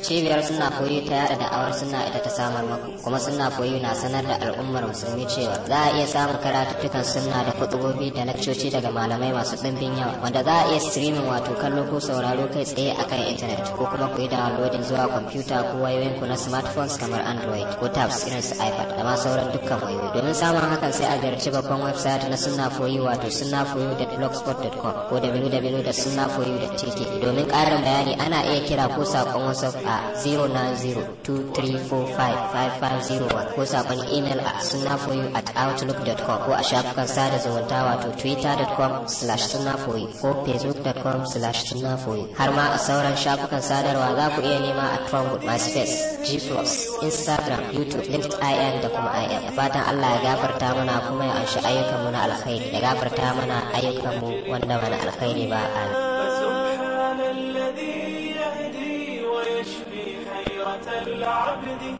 [SPEAKER 1] cibiyar suna koyi ta yada da'awar suna ita ta samar maku kuma suna koyi na sanar da al'ummar musulmi cewa za a iya samun karatuttukan suna da kutubobi da lakcoci daga malamai masu ɗimbin yawa wanda za a iya streaming wato kallo ko sauraro kai tsaye a kan intanet ko kuma koyi da downloading zuwa kwamfuta ko wayoyin wayoyinku na smartphones kamar android ko tabs irin su ipad da ma sauran dukkan wayoyi domin samun hakan sai a ziyarci babban website na suna koyi wato suna koyi da blog blogspot.com ko www.sunna4u.tk domin ƙarin bayani ana iya kira ko saƙon WhatsApp a 09023455501 ko saƙon email a sunna 4 at outlook.com ko a shafukan sada zumunta wato twitter.com slash sunna4u ko facebook.com slash sunna4u har ma a sauran shafukan sadarwa za ku iya nema a Trumpet, MySpace, G-Plus, Instagram, YouTube, LinkedIn da kuma IM. Fatan Allah ya gafarta mana kuma ya anshi ayyukanmu na alkhairi ya gafarta mana ayyukanmu ما فسبحان الذي يهدي ويشفي حيرة العبد